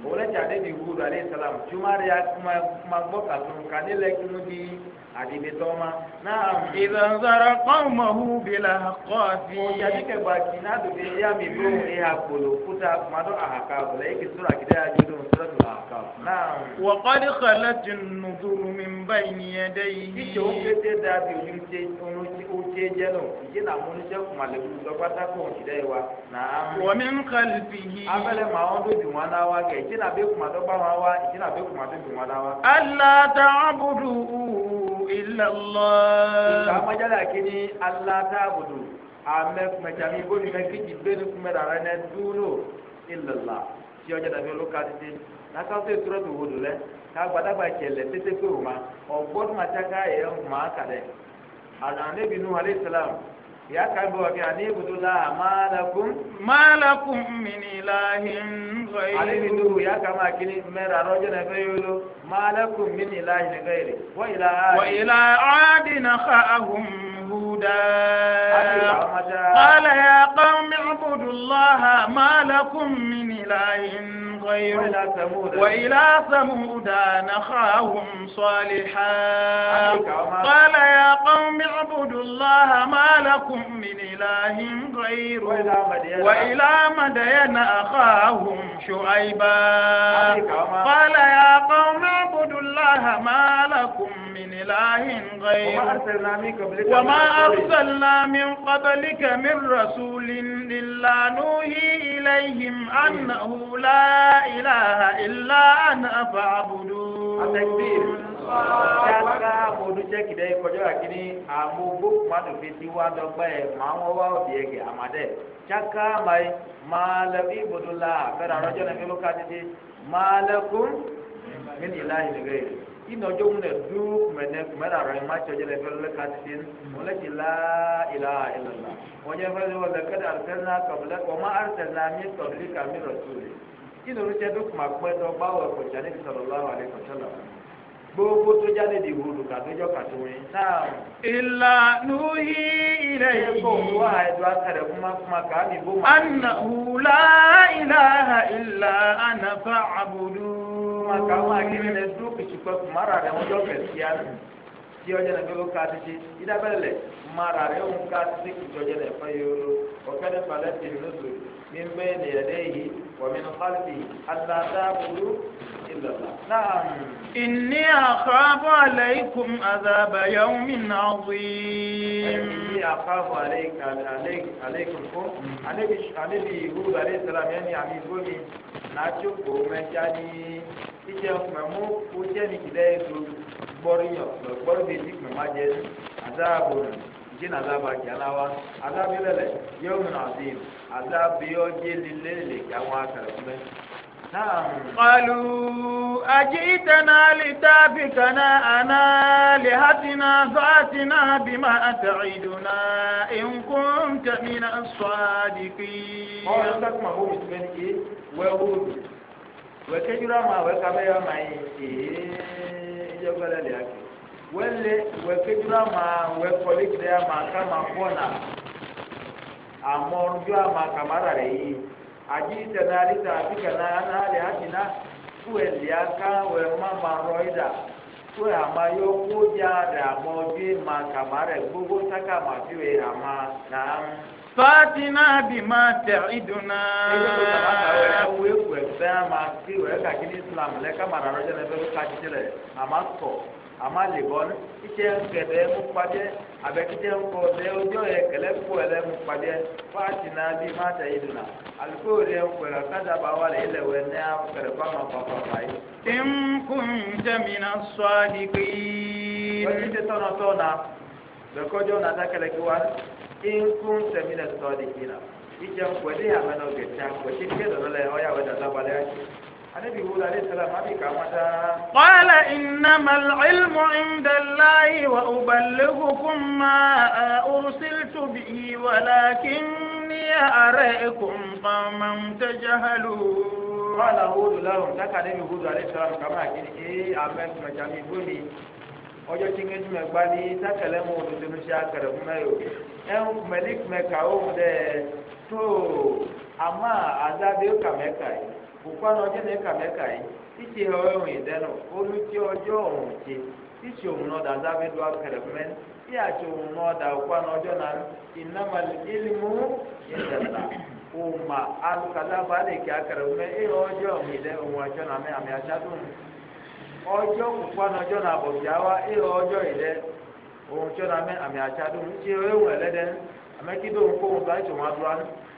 òun lẹ́tí anabi hud alayhi salam jumaria kuma gbọ́ kàtó kanilẹ́kùn di àdìdì tọ́mà. náà ìdànsára kọ́ọ̀mọ̀ hu bìlà kọ́ọ̀sì. ọjà dìkẹ̀ gbàgbé náà dùbí yá mi ló ń ha kpolo kúta kumadó àhàkà bọ̀lá èkì sọ̀rọ̀ àkìdá àjọyọ̀ sọ̀rọ̀ tó àhàkà. náà. wọ́kọ́dí kọ́lá ti nù dúró mi ń bá ìnìyẹn dẹ́ yìí. kíkẹ́ ó pété dàbí ojú ṣe ó ṣe jẹ́ nù ìṣe náà mo níṣẹ́ kumalẹ̀ kú lọ pátákó òṣìṣẹ́ yìí wa. wọ́n mi ń kàlí fi yí. abẹ́lẹ̀ màá wọn tó dùn wọn náà wá kẹ̀ ìṣe náà bí kumadó bá wọn wá ìṣe náà bí kumadó dùn wọn náà wá. alá ta'budu illallah. ìsàmọ́jáde kìíní alátàbùdù àmẹ́kùnmẹ́jàmí bóni mẹ́kìjì bẹ́ẹ̀ni kùmẹ́rẹ́ rẹ̀ ní dúró illallah tí ọjà dàbí olóka títí n'akáwọ́sẹ̀ ìtura tó wodò lẹ k'agbadagba ìtsẹ̀lẹ̀ tètè pé o ma ọgbọ́dún ma tsaka yẹ ọmọ akadẹ àdàn ìyá kan bọ̀ bí àní ibùdó la àmàlàkùn. màlàkùn mi ni láàyìn ńlọ yìí. àní nínú ìyá kan máa kiri mẹ́ra rọ́jọ́ náà fẹ́ yóò lọ màlàkùn mi ni láàyìn yìí. wọ́n ìlà áàdì. wọ́n ìlà áàdì náà ká àhùn húdà. قال يا قوم اعبدوا الله ما لكم من إله وإلى ثمود, وإلى ثمود نخاهم صالحا قال يا قوم اعبدوا الله ما لكم من إله غيره وإلى مدين أخاهم شعيبا قال يا قوم اعبدوا الله ما لكم من إله غيرك وما أرسلنا من قبلك من رسول إلا نوحي إليهم أنه لا إله إلا أنا فاعبدون ṣáàtà ọdún kìdẹ́ ìkọjọ́ àkíní àmú gbókùnmádùn fi ti wá dọ́gba ẹ̀ máa wọ́n wá òbí ẹ̀gẹ̀ àmàdẹ́ ṣáká máa máa lẹ́bí ibùdó la àfẹ́rẹ́ àrọ́jọ́ náà ká títí máa lẹ́kún mí nìlá ìlú rẹ̀ inɔdzo ŋu ne du kume ne kume ne arɔ ma tsɔ dze le ƒe leka ti mo le dzi la ila ila la mo nye ƒe wo le ke ɖe arte na kɔbi le kɔ ma arte na mi kɔbi ka mi rɔ tu le inɔdzo tse do kuma kpe dɔ gba wɔ kɔtsa ne ti sɔrɔ la wa le e kɔtsa la gbogbo tó jáde di wòlò kàdójọ kàdóyin náà. ìlà nuhi ilẹ̀ yìí. ṣé kò wá ẹ̀dùn akẹ́rẹ̀ kuma kuma kàá mi bó ma. anahu la ilaha illa anafa abudu ma ka ma ke ne ne du ki ko mara re mo yo pe ti an ti o je na ko ka ti ti ida bele mara re o ka ti ki jo ne fa yo o ka ne pala ti no du min be ne re yi wa min khalfi alla ta'budu Inni akhafu alaykum azaba yawmin azim. Inni akhafu alaykum ko alebi ihu alayhi salam yani ami gomi na choko mejani ije memu uje ni kile du gboriyo gbori beji memaje azabu jin azaba jalawa azabi lele yawmin azim azabi oje lile le kawa karbe قالوا أجئتنا لتابكنا أنا لهتنا فأتنا بما تعدنا إن كنت من الصادقين قالوا لكم أبو مسلمين ويقول وكجرا ما وكبيا ما يجبل لك wele wekejura ma wekɔlikidɛ ma kama kɔna amɔdua ma kamara rɛ yi أجيتنا لتعفكنا عن آلهتنا كويل يا كان وما مرويدا kóyè àmà yóò kó jáde àmọ́ ojú ìmà kàmá rẹ̀ gbogbo sákàmà tí wèé àmà náà. fatina bima ta'iduna awe ewu ẹsẹ ama ti wẹ kaki ni islam lẹ kamara rọjò lẹ ama sọ ama le bọ ní kíkẹ́ kẹlẹ́ mú padẹ́ abẹ kíkẹ́ kọ lẹ ọjọ́ yẹ kẹlẹ́ kọ lẹ mú padẹ́ fatina bima ta'iduna aliko rẹ kọlẹ kájà bá wà ní akẹrẹ sọ wọ́n ti tẹ́ tọ́nà tọ́nà bẹ́ẹ̀ kí wá. nkún sẹmínà sọọdi kìlà ìjà nkwẹlẹ àmàna ọgẹta wẹsẹ kí ẹdọ lọlẹ ọyà wẹdà lọbalẹ àti anabi wúlò alẹ sẹlẹ àmàbí kà wọn dá. qala innama al-ilmu inda Allahi wa uballighukum ma ursiltu bihi walakinni araikum qawman tajhalun wàhálà wúlò lọ́rùn dákàdé mi wúlò alẹ́ sọ̀rọ̀ kàmá kiri ee amẹ́ mẹjàmí bóni ọjọ́ tí ŋe tún mẹ gba ní sákẹlẹ́ mọ òdodo ní sẹ́ akẹrẹ fún mẹ yòó ẹ ń mẹ ní mẹ kà ó mu dẹ tó àmà àdáde ó kà mẹ kà yìí òkú àná ọjọ́ ní kà mẹ kà yìí títí ẹ ọ̀hún ìdẹ́nu olùtí ọjọ́ ọ̀hún ti títí òun náà dá dábẹ́ do akẹrẹ fún mẹ tí àti òun náà dá òkú àná ọjọ́ náà ìnáma ìlímú ìdẹ̀lá òun mà alùkàdá ọjọ́ kùkúánù ọjọ́ nà bọ̀bìá wa ìhọ ọjọ́ yìí dẹ òun tí ó nà mẹ àmì àtsá dùn ní tí ó wẹ̀ lẹ́dẹ́ àmẹ́kídó òun kó wọn adúlá ní.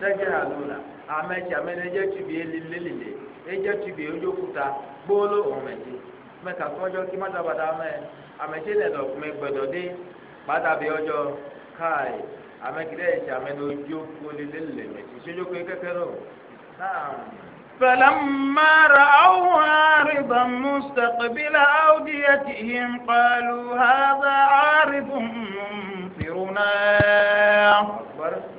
tẹ́jẹ́ àlùlà amẹ́tsi amẹ́nẹ́jẹ́ tùbí elilélile edzẹ́ tùbí ojókúta gbóòló ọ̀mẹ́tsi mẹ́ta kọ́jọ́ kí má dábàdà mẹ́ amẹ́tsi lẹ́lọ mẹ́ gbẹ̀dọ̀ dé gbàdàbí ọjọ́ káì amẹ́kìlẹ́ ẹ̀tsi amẹ́nẹ́jókú elilélile mẹ́tsi sójókú kẹ́kẹ́ lọ. فلما رأوها عارضا مستقبل أوديتهم قالوا هذا عارض منفرنا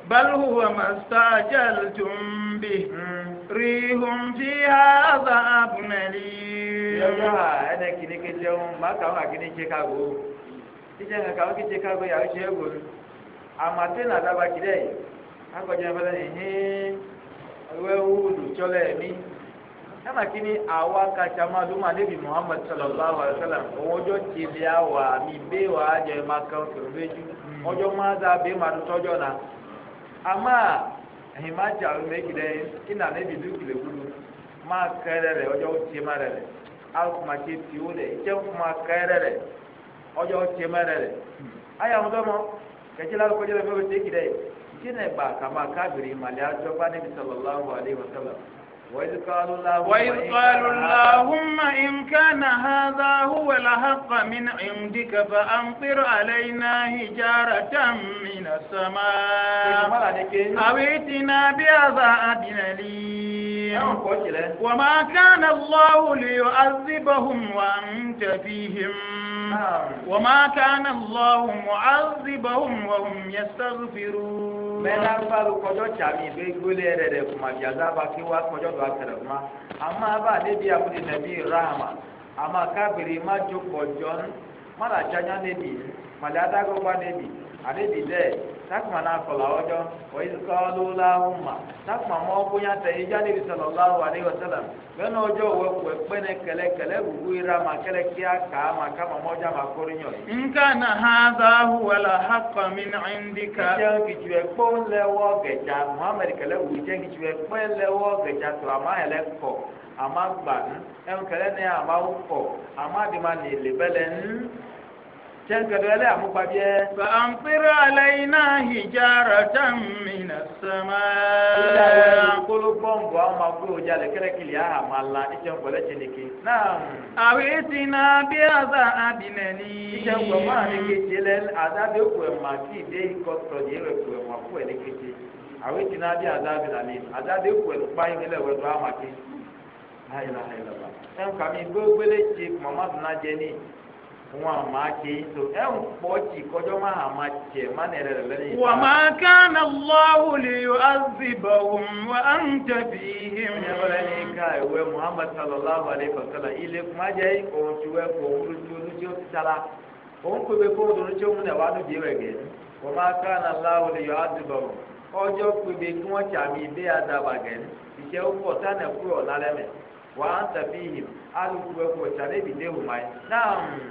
بل هو ما استعجلتم به ريح فيها عذاب أليم يا أنا كني كجوم ما كم أكني كجاو تيجي كم كني كجاو يا وجهه بول kago ya دابا كده أكو ma do ma nebi muhammed sallallahu alaihi wa sallam ɔwɔdzɔ tsi bi awa mi be wa adzɔ ma kan kero be dzi ɔdzɔ ma ama himaja meki de ina na bi dukile ma kere re ojo ti ma re kuma ti ti o le je kuma kere ojo ma aya mo domo ke ti la ko je be ti ki de ba kama kabiri mali ajo pa ne sallallahu alaihi wasallam وإذ قالوا اللهم, إن كان هذا هو الحق من عندك فأمطر علينا حجارة من السماء أو ائتنا بعذاب أليم نعم، وما كان الله ليعذبهم وأنت فيهم وما كان الله معذبهم وهم يستغفرون mẹ́lá báru kọjọ́ tàmí ìgbé gbólé rẹ̀ rẹ̀ kùmà bí azába kí wá kọjọ́ lọ́wọ́ tẹ̀rẹ̀ fún wa àmọ́ abá níbi àbúrò nàbí rahama àmọ́ kábìrì má jó kọjọ́ má làjájá níbi màlẹ́ adágọ́gbá níbi àníbi dẹ́ẹ̀. takuma na akɔla ọjọ wɔyi kɔlu la wuma takuma mɔ kunya tɛ idza nebi sɔlɔ la wa ne wɔsɛlɛ lɔnà ɔdzɔ wɔ kele kpɛ ne kɛlɛ kɛlɛ bubu yi ma kɛlɛ kia kaa ma kama mɔ ma kɔri nyɔ nka na ha za hu wala ha kɔmi na ndi ka. lɛ wɔ gɛdza muhammed kɛlɛ wu lɛ wɔ gɛdza ama yɛ lɛ kɔ ama ma ṣe ń kẹ̀dọ̀ ẹlẹ́ àmúpabíẹ́. fàǹfẹ́rẹ́ alẹ́ iná ìjára dàmínà sẹ́mà. ìjà ẹ̀rọ kóló gbọ̀ǹgbọ̀ àwọn máa gbé ọjà lẹ́kẹ́rẹ́kìlì àhà máa la ìjẹ́ ń pẹ̀lẹ́ jìnnìkì. náà. àwẹ̀ ti bí àzà àbìnẹ̀ ni. ìjẹ́ ń pẹ̀ máa ní kété lẹ́ àdábẹ́ òkú ẹ̀ máa kí ìdé ikọ̀ sọ̀dí ẹ̀rọ òkú ẹ̀ máa kú ẹ̀ ní kété. àwẹ̀ ti na bí ni àdábẹ́ òkú ẹ̀ pa ìgbélẹ̀ wẹ̀ tó àmàkí. láyé láyé lọ́ba. ẹ̀ ń وما كان الله ليعذبهم وأنت فيهم محمد صلى الله عليه وسلم ma ما جاي كونتوه كونتوه كونتوه òun kò bẹ kóòdù ní tí ó múnà wá lóde rẹ gẹ wọn máa ká náà láwọn olè yọ àdúgbò ọjọ pèbè kí wọn tì àmì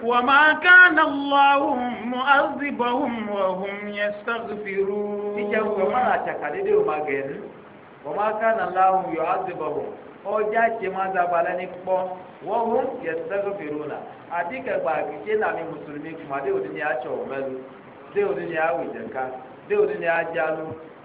وما كان الله معذبهم وهم يستغفرون وما كان الله يعذبهم ọjà jẹmọ́ta balẹ̀ ní kpọ́ wọ́n mú yẹtẹ́gẹ́ fèrè la àdìgẹ́gbà kìkẹ́ nàmi mùsùlùmí kùmà dé òdi ni àtsọ̀ mẹ́lu dé òdi ni àwìjẹ̀ká dé òdi ni àdìalu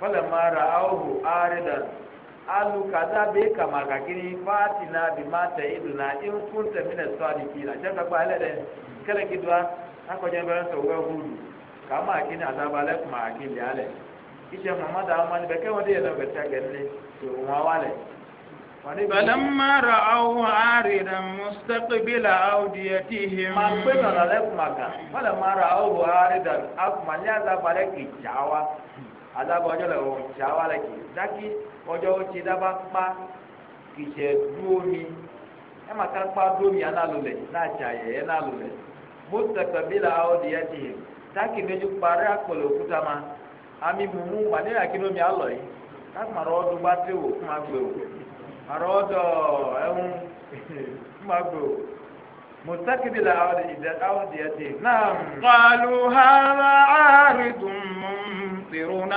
falamma ra'awhu aridan alu kaza be kama ka kini na bi mata iduna in kunta min as-sadiqina ta ka ba ladan kala kidwa ako jan ba so wa hudu kama kini azaba la kuma akili ale ije muhammad amani be ka wode yana beta gelle to wa wale فلما رأوه عارضا مستقبل أوديتهم ما بين لكم مكان فلما رأوه عارضا أكمل هذا فلك جاوا azabɔ ɔdzɔ le wɔm tsa wa le tsi daki ɔdzɔ wotsi daba kpa kitsɛ duo mi ɛma kakpa duo mi analu le n'atsa yɛ ɛnalu le mosɛkpɛ bi la awo di ɛti daki medu kpari akpɔlɔ okuta ma ami mumu ma ne yaki no mi alɔ yi kakpa rɔ ɔdu gba te wo kuma gbe o arɔ ɔdɔ ɛŋu kuma gbe o. مستقبل عودة أوديته نعم قالوا هذا عارض منبعث yubsiruna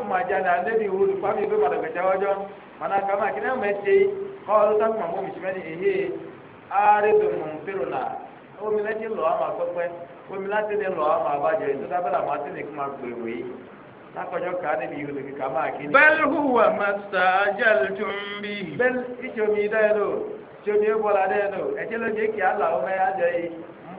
kuma jana ne bi wuri kwa mi be mara ga jawajo mana kama kina mete ko ta kuma mu mishmani ehe eh, are do mumsiruna o oh, mi lati lo ama pepe o oh, mi lati ne lo ama abaje to da bala ma tini kuma gbewe yi lakọjọ ka ne bi wuli kika maa kini. bẹ́ẹ̀ huwa masajal tumbi. bẹ́ẹ̀ ijomi dẹ́ lo ijomi ebola dẹ́ lo ẹ̀jẹ̀ ya jẹ́ yìí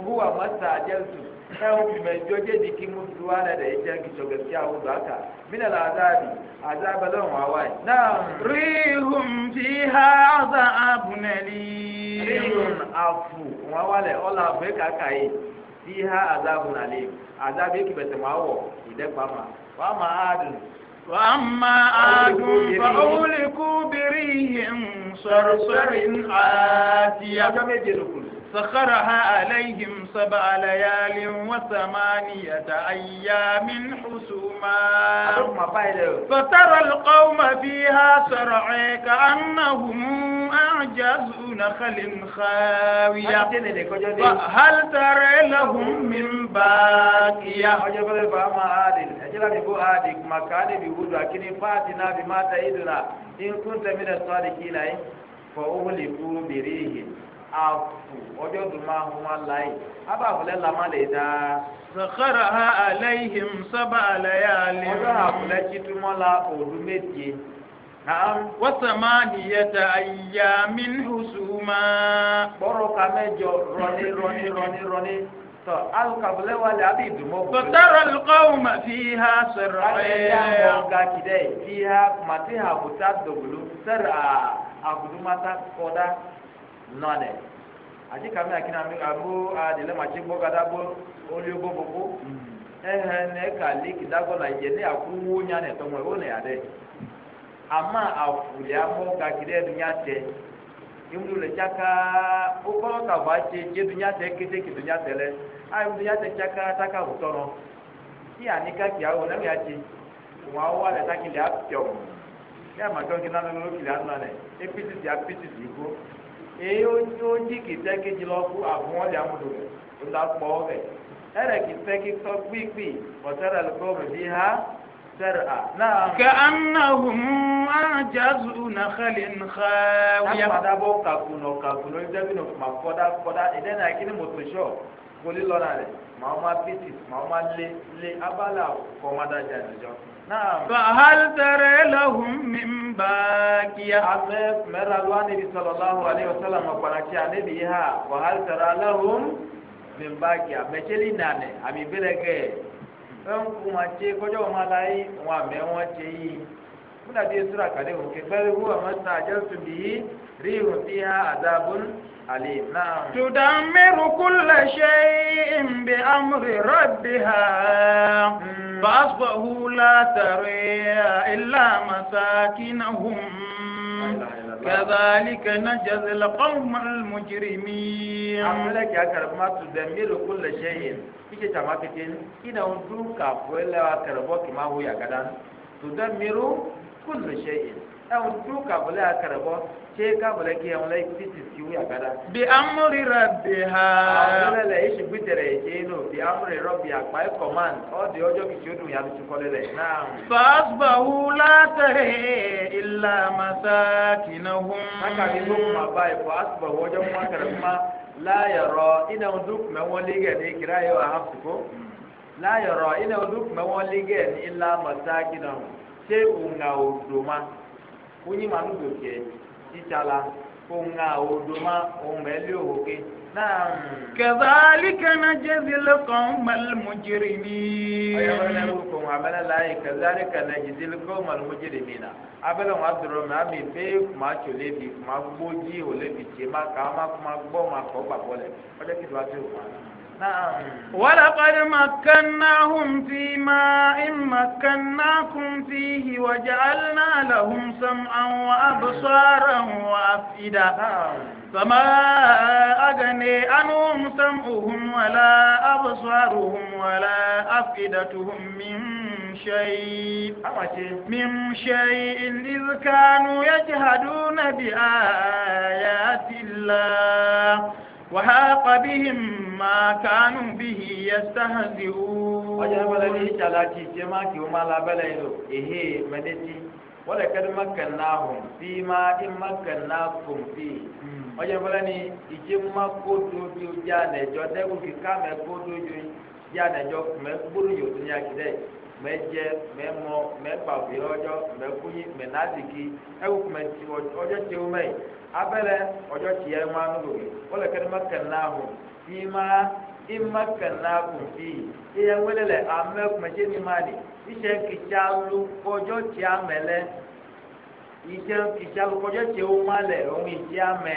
huwa masajal tumbi. hewu mejoje diki mutu ana da yake gicho gaskiya hudu haka min al'azabi yi. wawai na'am rihum fiha azabun alim rihum afu wawale ola be kakai e. fiha azabun alim e wa ma adun وأما عاد فأهلكوا بريح صرصر عاتية سخرها عليهم سبع ليال وثمانية أيام حسوما فترى القوم فيها سرعي كأنهم أعجاز نخل خاوية فهل ترى لهم من باقية إن كنت من الصادقين فأهلكوا àfù ọjọ́ tó máa hun wọn láyé ábà àfúlẹ̀ la má lè dá. sàkàrà ha aláìhìm sábà àlàyé àlè. ọjọ́ àfúlẹ̀ títún mọ́ la òru méje. wọ́sàmá nìyẹta ayá mínhùsùmá. bọ́rọ̀ ka mẹ́jọ rọ́ní rọ́ní rọ́ní rọ́ní. tọ́ alùkàbọ̀lẹ̀ wà lẹ́ àbí ìdùnmọ́. tọ́tàrà lùkọ́wùmá fi ha sọ̀rọ̀ ẹ̀. àlẹ́ yà mọ̀ gàkìdẹ́ fi ha màtí àbùtà dògbòló sẹ́rà àgùdùmátà kọ́dá nɔnɛ ati kami akina mi abo adele ma tsi gbɔ gada gbɔ olio gbɔ gbɔ ɛhɛ ne ka liki dagbɔ la yɛ ne aku wo nya ne tɔmɔ wo ne ya dɛ ama afulia mɔ gaki ɖe dunya tɛ imdu le tsaka wokɔlɔ ka va tse tse dunya tɛ kete ke dunya tɛ lɛ ayi dunya tɛ tsaka taka vutɔ nɔ ti ani kaki awo ne ya tse wọn awo alɛ taki le apiɔ kina lɛ lɛ kili anu alɛ epitisi apitisi ko èyí ó tí ó jí kìtẹ́ kejì lọ kú àbúrò ọ̀lẹ́ amúdò rẹ̀ ó la kpọ̀ ọ̀bẹ ẹ̀rẹ̀ kìtẹ́ kíkọ́ kpíkpì ọ̀tẹ́rẹ̀ lọ́rọ̀ bí ha sẹ́rẹ̀ à náà. kẹ́ anáhùn ajázu nàkàlì nǹkan wíyá. akpadabọ kakunọ kakunọ ẹgbẹ́ mi nà kuma kọ́dá kọ́dá ẹ̀dẹ́ náà kí ni mọ̀tò sọ̀ kólé lọ́la rẹ̀ màá ma bìtì màá ma lé lé abala kọ́mádàjà فهل ترى لهم من باكية عصيف مرة الواني صلى الله عليه وسلم وقناكي عنه فهل ترى لهم من باكية مجلي ناني أمي بلغي fɛn kuma tse kɔjɔ wɔn ala yi wɔn amɛ wɔn tse yi múna bíi sura kàdé wọn kẹgbẹ́ wú ọmọ sinna àjọ tún bí yí rí wọn fi hàn àdàbọn àlè náà. tùdàmírù kúlẹ̀ ṣe é ń bẹ amúrè rọ́ọ̀bì hàn. فأصبحوا لا ترى إلا مساكنهم كذلك نجزي القوم المجرمين أملك يا كرب ما تدمر كل شيء kike tama kete ina undu ka kwela karbo kima huya kadan tudamiru kullu shay'in ɛhun tu kabule akarabɔ tse kabule kiyɛ ŋun lɛ titi siwu yakada. bi amuri rabi ha. ɔlɔlɛ lɛ esi gbitɛrɛ tse no bi amuri rabi akpa ye kɔman ɔdi ɔjɔ o dun yalu tukɔlɛ lɛ naam. latare ila masakinahum. akabi ko kuma ba ye fasbahu ɔjɔ kuma kɛrɛ kuma onye ma nu doke titala onga odoma omeli oke naam. kazalika na jezile kan mal mujirimi. ayọ̀rọ̀ ní ẹ̀rú kò wọ́n abẹ́lẹ̀ láàyè kazalika na jezile kan mal mujirimi na abẹ́lẹ̀ wọn adọ̀rọ̀ mi àmì bẹ́ẹ̀ kùmà tso lébi kùmà gbójì òlébi tì má kà má kùmà gbọ́ má kọ́ gbàgbọ́ lẹ̀ ọjọ́ kìtìwá tó wà. ولقد مكناهم في ماء مكناكم فيه وجعلنا لهم سمعا وأبصارا وأفئدة فما أغني عنهم سمعهم ولا أبصارهم ولا أفئدتهم من شيء من شيء إذ كانوا يجهدون بآيات الله وحاق بهم ما كانوا به يستهزئون وجه ولا لي شلاتي جماكي وما لا بلايلو إيه مدتي ولقد مكناهم فيما إن مكناكم فيه وجه ولا لي إجمع كودو جو جانا جو دعوك كامل كودو جو جانا جو مكبر جو تنيا كده mɛdze mɛmɔ mɛkpavi ɔdzɔ mɛkunyi mɛnadiki ɛwuku mɛtsi ɔdzɔ tsi wo mɛyi abɛlɛ ɔdzɔ tsi yɛ mɔ anu lobe ɔlɛ kɛ ɛdima kɛnɛ ahò fi ima kɛnɛ ahò fi iye wele lɛ amɛ kumɛtsi ni ma li itsɛ kitsi alu ɔdzɔ tsi amɛ lɛ itsɛ kitsi alu ɔdzɔ tsi wo ma lɛ ɔmu itsi amɛ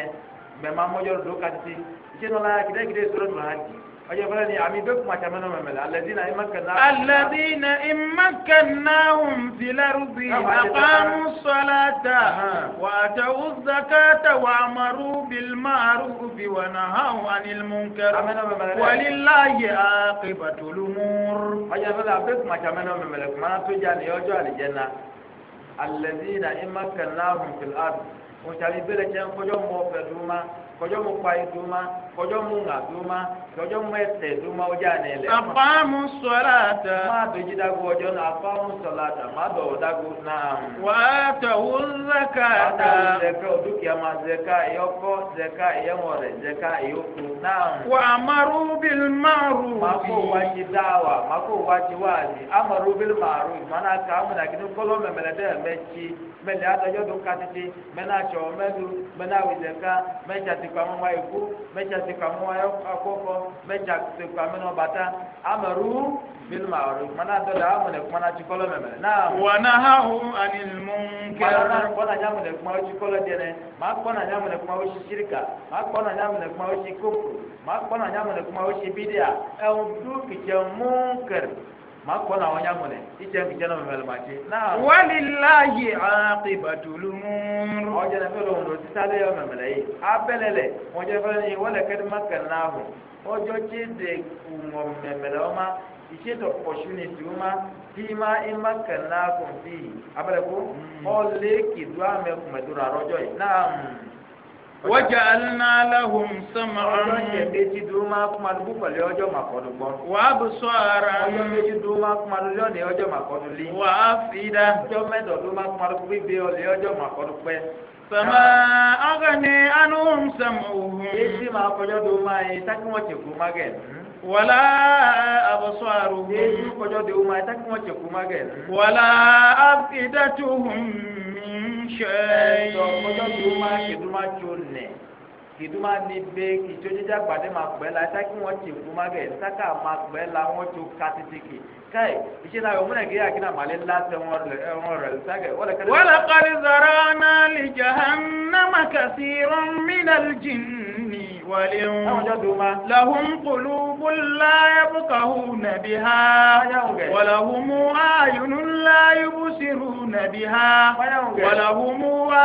mɛma mɔdzɔ do kati itsɛ nɔla kidɛ sɔrɔ do ha di. أجبرني عمي بكم أتمنى مملا الذين إن مكناهم الذين إن مكناهم في الأرض أقاموا الصلاة وأتوا الزكاة وأمروا بالمعروف ونهوا عن المنكر ولله عاقبة الأمور أجبرني بكم أتمنى مملا ما تجاني يوجو الجنة الذين إن مكناهم في الأرض وشالي بلكين فجوا موفدوما kɔjɔ mu kpa yi do ma kɔjɔ mu ŋa do ma kɔjɔ mu ɛsɛ do ma o dza ne lɛ. afamu sɔla ta. maa do jidago ɔjɔ na afamu sɔla ta maa dɔ ɔdago naam. waa tɔwu zɛka ta. waa tɔwu zɛka o dukiya ma zɛka yɔkɔ zɛka yɛŋɔrɛ zɛka yɔku naam. wa amaru bil maaru. maa ko waati daawa maa ko waati waazi amaru bil maaru mana ka amuna kini kɔlɔn mɛmɛlɛ dɛ mɛ tsi mẹlẹ adájọ tó ka títí mẹna tsọ mẹdu mẹna wìdẹka mẹtsa ti kpa mọmọ ikú mẹtsa ti kpa mọmọ akọkọ mẹtsa ti kpa mẹnọ bàtà amẹru bínú ma ọrọ mẹna dọdọ amẹnẹ kumana tsi kọlọ mẹmẹ náà. wà ná ha hu ani mú kẹrẹ. mẹ náà kpọ́nà nyà mẹnẹ kuma wọ́n tsi kọlọ diẹ nẹ mẹ akpọ́nà nyà mẹnẹ kuma wọ́n tsi sirika mẹ akpọ́nà nyà mẹnẹ kuma wọ́n tsi kókò mẹ akpọ́nà nyà mẹnẹ kuma wọ́n tsi bídíà ẹ̀ ma kɔ la wɔn yamu lɛ itse mi jɛnɛ mɛmɛ lɛ ma tse. walilayi akibatulu muru. ɔjɛ nɛfɛ lɛ wɔn ti sáré yɔ mɛmɛ lɛ yi abɛlɛ lɛ wɔn jɛ fɛlɛ ni wɔlɛ kɛdima kɛnɛ ahò ɔjɔ tse de kumɔ mɛmɛ lɛ wɔma itse tɔ kɔsu ni tu ma ti ma ima kɛnɛ ahò fi abɛlɛ ko ɔlɛ kidu amɛ kumɛ do la rɔjɔ yi naam. وجعلنا لهم سمعا وابصارا وافئدة فما أغني عنهم سمعهم ولا أبصارهم ولا أفئدتهم من shay'in. Ẹ̀sọ́ kọjọ́ tí ó máa ṣe tó máa tí nẹ̀ kìdúmà níbẹ̀ ìtòjíjà gbàdé máa pẹ́ la ẹ̀ta kí wọ́n ti ìfúnmá gẹ̀ ẹ̀ta ká máa pẹ́ la wọ́n tó ka títí kì káì iṣẹ́ náà ọmọ nàìjíríà kí náà màá lé lásẹ̀ wọn rẹ̀ wọn rẹ̀ sákẹ̀ wọ́n lè kẹ́lẹ́. wọ́n lè kọ́ni sọ̀rọ̀ náà lè jẹ́ hànámà kàṣí rán mílẹ̀ jìn ní wàlẹ́ wọn. lahun kulu bula yabukahu nabi ha walahumu ayunu layu busiru nabi ha walahumu wa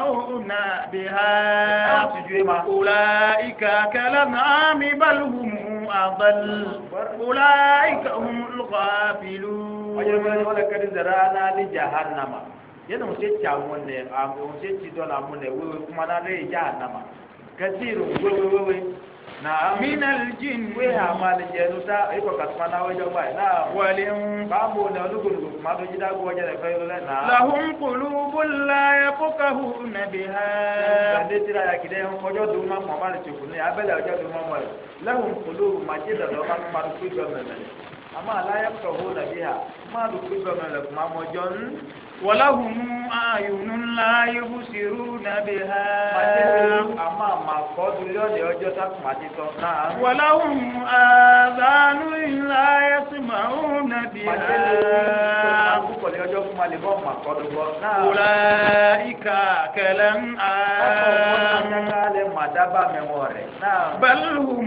يسمعون بها أولئك كالأنعام بل هم أضل أولئك هم الغافلون ولقد زرعنا لجهنم yadda musu ci amun ne a musu ci don amun ne wewe kuma na rai jahannama kasirin wewe wewe minal jin we amali jẹnu ta na kàtúmọ̀ náà wọ́n jọgbà yìí náà. wọ́n ń. báwo ni olúkúlùkù kò má tó jí dágbó ọjà rẹ̀ fẹ́ lọ́lẹ́ náà. làhùn kùlù bùlá ma ya kìdẹ́ ọjọ́ tó máa mọ̀ máa lè tìkù ní ولهم أعين لا يبصرون بها ولهم آذان لا يسمعون بها أولئك كالأنعام بل هم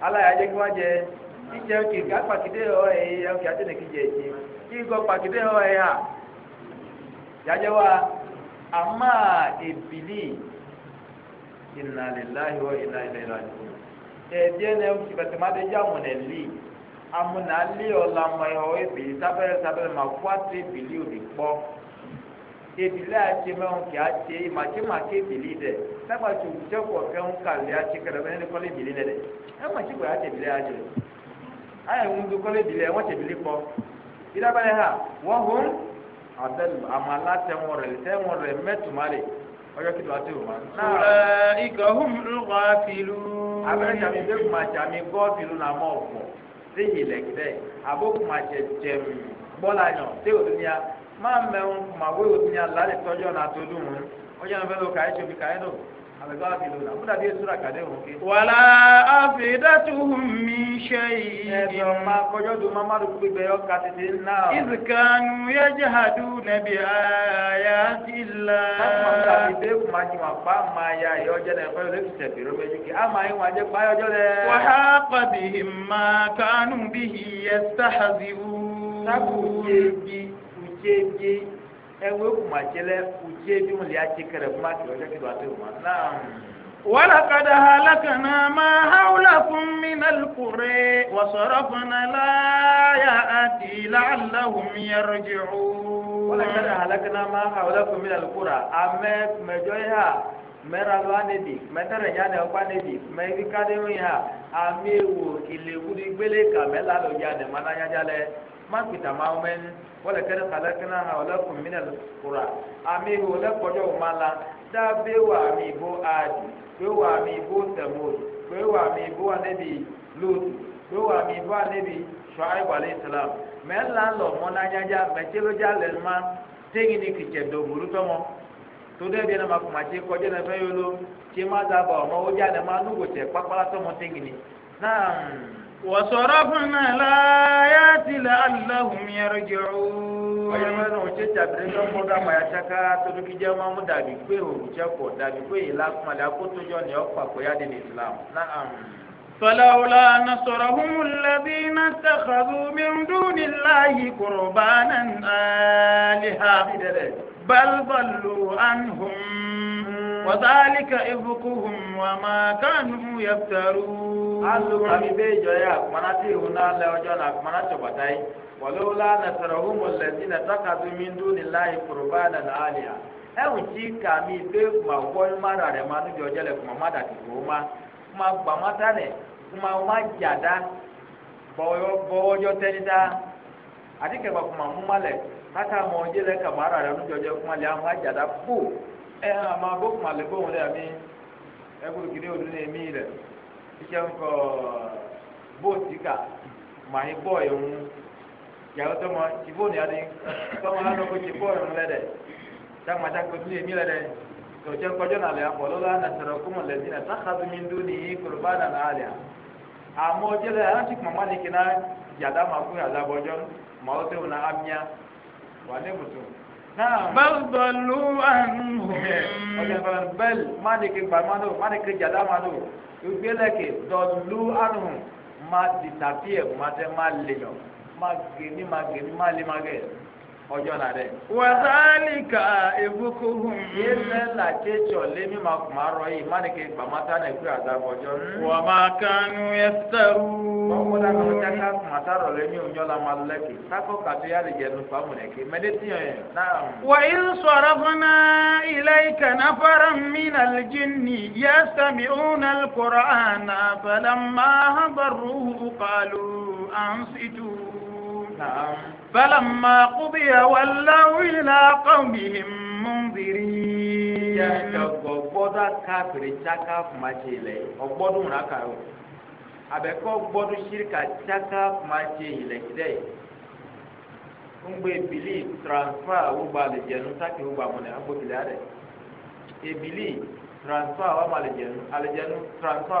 aláyàjẹ kí wọn jẹ jíjẹ òkè ká pàkìdé ọ ẹ òkè àtẹnìkì jẹ ẹjẹ kí n kọ pàkìdé ọ ẹ hà yàjẹ wa àmà èbìlì ìnàlélàyò ìnàlélàyò ẹbí ẹnẹ òkè bàtàmádé jẹ àmùnà lì àmùnà lì ọ̀làmọ̀ ẹ̀họ́ ẹbìlì sábẹ́rẹ́ sábẹ́rẹ́ máa fọ́ àti èbìlì òdì kpọ́. ebile a ke atse matsema ke ebili dɛ sagbatso tse kɔ keŋ kali atse kɛlɛ bɛ ne kɔlɛ ebili dɛ dɛ ematsi gbɛ atse ebili atse ayɛ ŋudu kɔlɛ ebili yɛ wɔtse ebili kpɔ yidaba yɛ hã wɔho abe amala tɛ ŋɔ rɛ tɛ ŋɔ rɛ mɛ tuma le ɔyɔ kitu ati o ma. abe jami bɛ kuma jami gɔ filu lɛ máa mẹ́rin ma òtún yà lálẹ́ tọ́jú ọ̀nà àtọ́dún mú ó yẹn fẹ́ lọ kàyé tóbi ka lò àbẹ̀gbẹ́ àti lò nà múdàbí ètúrà kàdé òun ké. wàlá àfẹ́dàtú mi ṣe yìí. ẹ̀dọ̀ máa kọjọ́ dùn máa máa dùn tètè yẹ ti la. láti máa ń pa máa ya jẹ́ ujeji ẹwọ ekuma jẹlẹ ujeji mu lia tsi kẹrẹ kuma kẹrẹ ọjọ kẹrẹ ọjọ kuma naam. ولقد هلكنا ما حولكم من القرى وصرفنا الآيات لعلهم يرجعون ولقد هلكنا ما حولكم من القرى أمك مجويها mẹ́rànlọ́ anẹ́bì mẹ́tẹ̀rẹ̀nyá ni ọkọ anẹ́bì mẹ́ríkà ni wọ́n yà àmì ewu kìlẹ̀ wúdi gbélé kàmẹ́lá lọ́jà nìmọ́nà yájá lẹ́ má kìtà máa wọ́n mẹ́ni wọ́n lè kẹ́rin kàlẹ́ kí náà wọ́n kùn mí nà kura àmì ìwò lè kọjọ́ wò má la dábẹ́ wà mí ibò àdì pé wà mí ibò tẹ̀mọ́d pé wà mí ibò anẹ́bí lóòtù pé wà mí ibò anẹ́bí ṣọ́ọ́yì wàlẹ́ islam mẹ́ńlá lọ mọ́ nájájá mẹ́tẹ́lójá lẹ́ má téyìn ní kìtsẹ̀ dòbòrú tọ́mọ tó dẹ́bi ẹni máa kùmà tse kọjá ní ẹfẹ́ yóò ló tse má dábàá ọmọ ó já ní má núgò tẹ̀ kpákpá وصرفنا الآيات لعلهم يرجعون ọyẹmẹnu ọjọ tàbí ẹjọ mọdà mayàtàkà tóbi jẹ máa mú dàbí pé òrùjẹ kọ dàbí pé ìlà kumalẹ akótójọ ni ọkọ àkóyá dé ní islam náà. فلولا نصرهم الذين اتخذوا من دون الله قربانا آلهة بل ضلوا عنهم wàtálíkà ìfukùhùn wà máa kánú yàtàrú. alùpùpù mi bẹ́ẹ̀ jọ yà kumana tí ìhun náà lẹ ọjọ́ náà kumana tí ọ̀bàtà yìí wàlúwàlá nàṣẹ̀rọ̀ hùmù lẹ́sìn náà tàkàtú mi ń dún ní láì kùrùbá nàná ẹ̀wùn tí kàmi bẹ́ẹ̀ kuma wọ́n mara rẹ̀ máa níbi ọjọ́ lẹ̀ kuma má dàtí kò má kuma gbàmátà nẹ̀ má jàdá bọ́wọ́jọ́ má lẹ̀ káka mọ̀ ọjọ́ lẹ̀ ɛhɛn a bó kuma lɛ bóun lɛ ami ɛkulu kiri o dunu emi lɛ itsɛ ŋkɔ booti ka mayi bɔɔl yi ŋu yàrá tó ma tsi bóun yà ni tɔmɔ hã lɔkò tsi bɔɔl yi ŋu lɛ dɛ dàgbà dàgbà dunu emi lɛ dɛ tó tsɛ ŋkɔjɔ na lɛ akɔlɔ la nasara kumɔ lɛ dina sakazu mi du ni koroba na na alia amɔ dze lɛ alati kuma ma ni kina yada ma ku yada bɔjɔ ma wo tɛ wona amia wa ne mutu bẹ́ẹ̀dọ̀lú ọ̀hún. bẹ́ẹ̀lì má ní kí gbàmánú má ní kí jàdámánú ìgbélẹ̀kẹ̀ dọ̀lú àrùn má dìtàpíẹ̀ má tẹ́ má lèyàn má gèmí má gèmí má lè má gẹ̀ ọjọ́ náà dẹ. wàhálìkà ìbùkù hùn. yé mẹ́la kéjọ lé mi máa kùn máa rọ yìí má ní kí gbàmátà náà kúrò àdàbọ̀ ọjọ́. wà á máa kánú ẹsẹ̀rù. ọkọ náà kò tẹ́ ká kùn máa sárọ̀ lé mi ò yọ la máa lẹ́kì. sákò kàtó yà lè jẹnu fáwọn ẹ̀kẹ́ mẹ́lẹ́ tiẹ̀ náà. wà á sọ̀rọ̀ fúnná ilé ìkànnà fara mi nà lìjìnnì yẹ sàmì òun alukọ̀rọ̀ àná bàlámà bàrú kàlù à ń sìtú. náà. فلما قضي ولوا إلى قومهم منذرين gbọdọ káfìrí tsaka kumatsi lẹ ọgbọdun la ka o abẹkọ gbọdọ sirika ebili transfer wogba le taki wogba mọ nẹ agbọdọ ebili transfer wa mọ transfer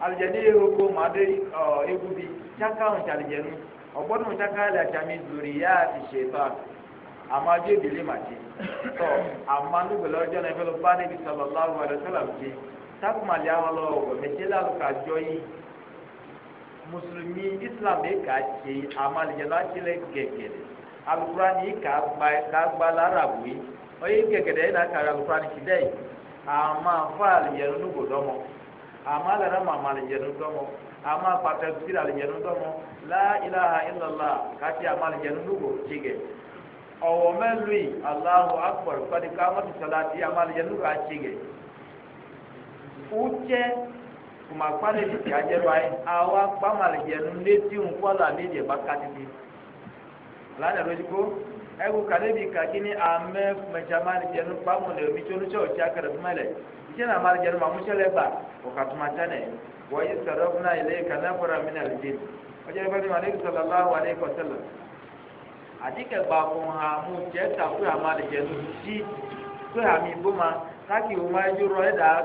alìjẹni oko màdé egubi tsaka ń tsi alìjẹnu ọgbọdun tsaka lè atsami zori ya ìṣe tọ àmọ adé ìdílé màtí tọ àmọ anugbèlè ọjọ náà ìfẹlẹ bá níbi sọlọ lọrùn ẹdọ sọlọ àbùjẹ sakumali awọlọ ọwọ mẹtẹlẹ alùpùpù àjọ yìí mùsùlùmí islam yìí kà tsi àmọ alìjẹnu atsi lẹ gẹgẹdẹ alùpùpù ni kà gba lára wui ọyẹ gẹgẹdẹ yìí nà kà alùpùpù ni tsi dẹ yìí àmọ afọ alìjẹnu nugbòdọmọ. ama lɛ na ma le yɛ nutɔ ama kpata ti la le yɛ nutɔ mɔ la ilaha illallah kati ama le yɛ nunugo tsigɛ ɔwɔ mɛ lui alahu akpɔr kpadi ka ama ti sɔla ama le yɛ nunugo atsigɛ utsɛ kuma kpali ti ti adze do ayi awa kpama le yɛ nu neti ŋkɔla ne yɛ ba katiti lana do edigbo ɛgu kanebi ka ni amɛ mɛtsama le yɛ nu kpamu le mi tso nu tsɛ o tsi akɛrɛ fuma lɛ. jina mari jenu ma mushele ba o katuma tane wa yasarafna ilayka nafara min aljin o jere bani wa nabi sallallahu alaihi wasallam adike ba ko ha mu je ta ku amali jenu ji ku ha mi buma kaki o ma ju ro da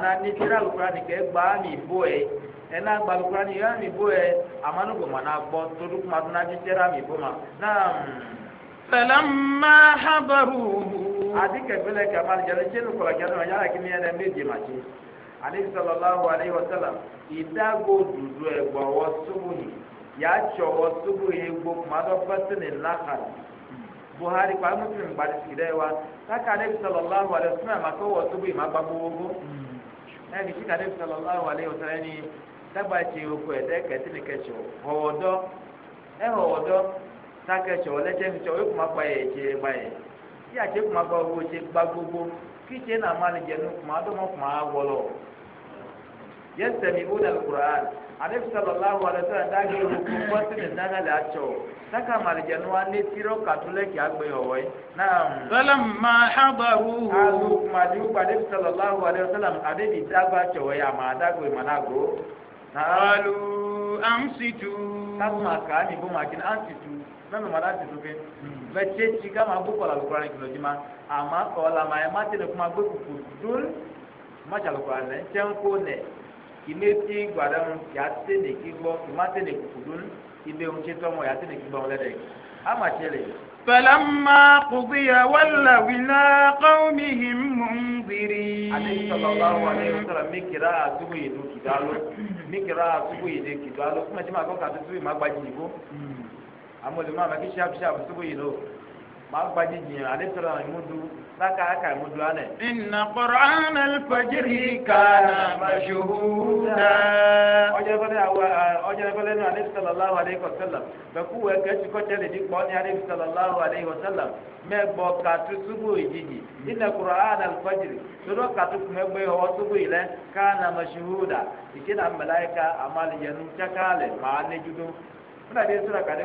na ni tira alquran ke gba mi bo e mi bo e amanu ko mana gbo to du kuma na ji tira mi buma naam فلما حضروه ebele kamar kamal jale chenu kola ya lakini yana meji machi ali sallallahu alaihi wasallam idago dudu e gba wasubuhi ya cho wasubuhi gbo mado batni lahar buhari kwa muslim bari sidewa taka ali sallallahu alaihi wasallam mako wasubuhi mababugo yani hmm. shika ede e takẹtsɔ lẹtsẹmitsɔ yóò kuma kpa yẹ tse gba yẹ tí a tse kuma gba owó tse gba gbogbo kí tse nà má lè dzẹnu kuma adó mọ kuma awọlọ yẹsẹmi wóni alukuraan alebi sọlọ lahu alẹsẹlẹ dagi gbogbo kpọsi ni nana le atsɔ saka ma lè dzẹnu wa lé tirọ katu lẹ kí agbẹ yọwọ yẹ naam. sọlá ma habaru. alu kuma di wúkpa alebi sọlọ lahu alẹsẹlẹ adébi dagba tsɔ yẹ àmà adago ìmànago. Kalu amsitu. Kasuma ka ni bo ma kini amsitu. Mẹ́mi ma hmm. da tutu ke. Mẹ tse tsi ka ma gbó kọlà lukura ni kìlọ̀ jima. Àmà kọ̀ la ma yẹ ma tẹ̀lé kuma gbé kuku dún. Ma tsa lukura lẹ̀ ntẹ́ ń kó nẹ̀. Kìmé ti gbàdá mu yà tẹ̀ ne kí gbọ́ kìmá tẹ̀ ne dún. Ibe ń tse tọ́ mọ̀ yà tẹ̀ kí gbọ́ mu lẹ́ فلما قضي ولوا إلى قومهم منذرين saka aka mu do ana inna qur'an al-fajri kana mashhuda oje bale awa oje bale no ali sallallahu alaihi wasallam be ku we ke ko tele di ko ni ali sallallahu alaihi wasallam me bo ka tu inna qur'an al-fajri to do ka tu me gbe ho subu ile kana mashhuda ikina malaika amali yanu chakale ma ne judu kuna de sura kade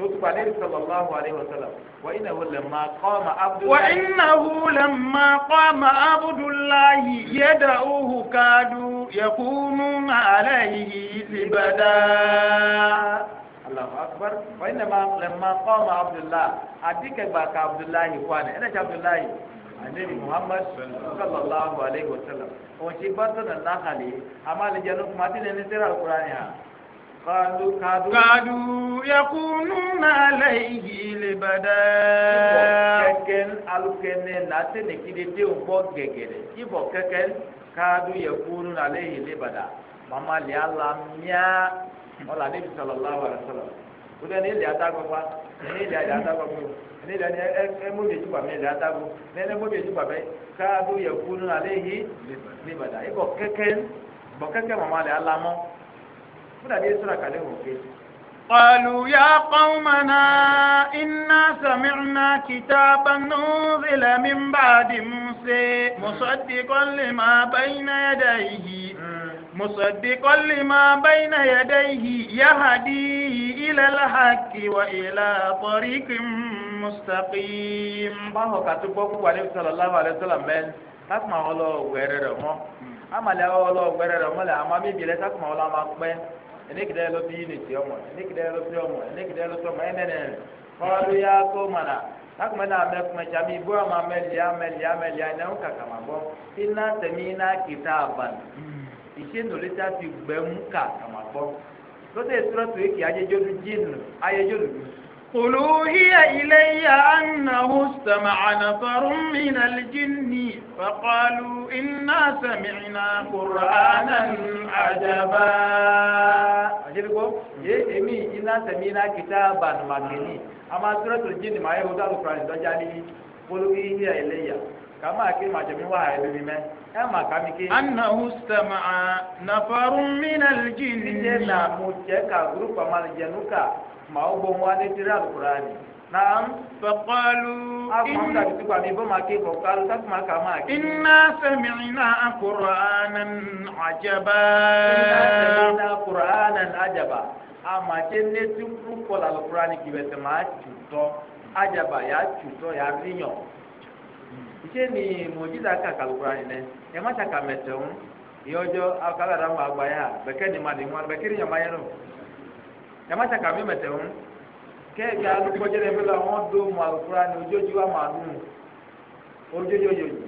lótùpá lẹ́yìn sallallahu alaihi wasallam wa innahu lamma qama abdullahi. wa innahu lamma libada. Allahu akbar wa innama lamma qama abdullahi adikegba ka abdullahi kwana ẹnna ti muhammad sallallahu alaihi wasallam òun kuma Kadụ kadụ كادوا يكونون عليه لبدا ككن الكن ناتن كيدتي وبو غغره كيبو ككن كادوا يكونون عليه لبدا ماما لي الله ميا ولا النبي صلى الله عليه وسلم kudu ẹni ilẹ̀ adagun fa ẹni fúnra bí sọ̀rọ̀ kàlẹ́ wọ̀ pé. قالوا يا قومنا إنا سمعنا كتابا نزل من بعد موسى مصدقا لما بين يديه مصدقا لما بين يديه يهدي إلى الحق وإلى طريق مستقيم báwo ká tó gbọ́ kúkú alẹ́ sọ̀rọ̀ láwọn alẹ́ sọ̀rọ̀ mẹ́rin sákùmọ̀ ọlọ́ọ̀gbẹ́rẹ́ rẹ̀ mọ́ àmàlẹ́ ọlọ́ọ̀gbẹ́rẹ́ rẹ̀ mọ́lẹ̀ àmọ́ bíbí rẹ̀ sákùmọ̀ ọlọ́ọ̀mọ́ pẹ́ enekida yɛlɛ bi ne tiɛ mɔ enekida yɛlɛ bi mɔ enekida yɛlɛ bi mɔ ɛnɛnɛ kɔɔlu ya ko mana takuma na mɛ kuma ca mi bɔ ma mɛ lia mɛ lia mɛ lia ɛnɛ ŋu kaka ma bɔ ina tɛmi ina kita ban ìṣe nòlí ta fi gbɛmu kaka ma bɔ lóde ìṣúra tó yẹ kí ayédjó du jíìnù ayédjó du قل إلي أنه استمع نفر من الجن فقالوا إنا سمعنا قرآنا عجبا أجلكم يأمي إنا سمعنا كتابا مكني أما سورة الجن ما يهودا القرآن دجالي قل إلي كما ke ما jami wa من bi mɛ ɛ ma kami ke. annahu sama'a nafarun minal jinni. ti màá gbọ́ wọn alẹ́ tẹ́lẹ̀ alukurani. Naam. fakalu. A kò ń tàbí tukọ̀ àbí bọ́ máa ké kọ̀ kálù tá kò máa kà Inna ké. Iná sẹ̀mí iná akọ̀rọ̀ ànán àjẹbá. Iná sẹ̀mí iná akọ̀rọ̀ ànán àjẹbá. Àmàjẹ́ létí kúrúkọ̀ làlùkùránì kìbẹ̀tẹ̀ máa tùtọ̀ àjẹbá yà tùtọ̀ yà ríyàn. Iṣẹ́ ni mòjídà kà kàlùkùránì nẹ. Ẹ má ṣàkàmẹ̀tẹ̀ ń. Ìyọjọ́ akálàdá máa gbà yà. Bẹ̀kẹ́ ni màdìmọ́ bẹ̀kẹ́ yamata kàmi mẹtẹ ń kẹẹkẹ alukọjẹ rẹ fẹlẹ wọn do mu alukura ni ojoji wa máa nù ojoji ojoji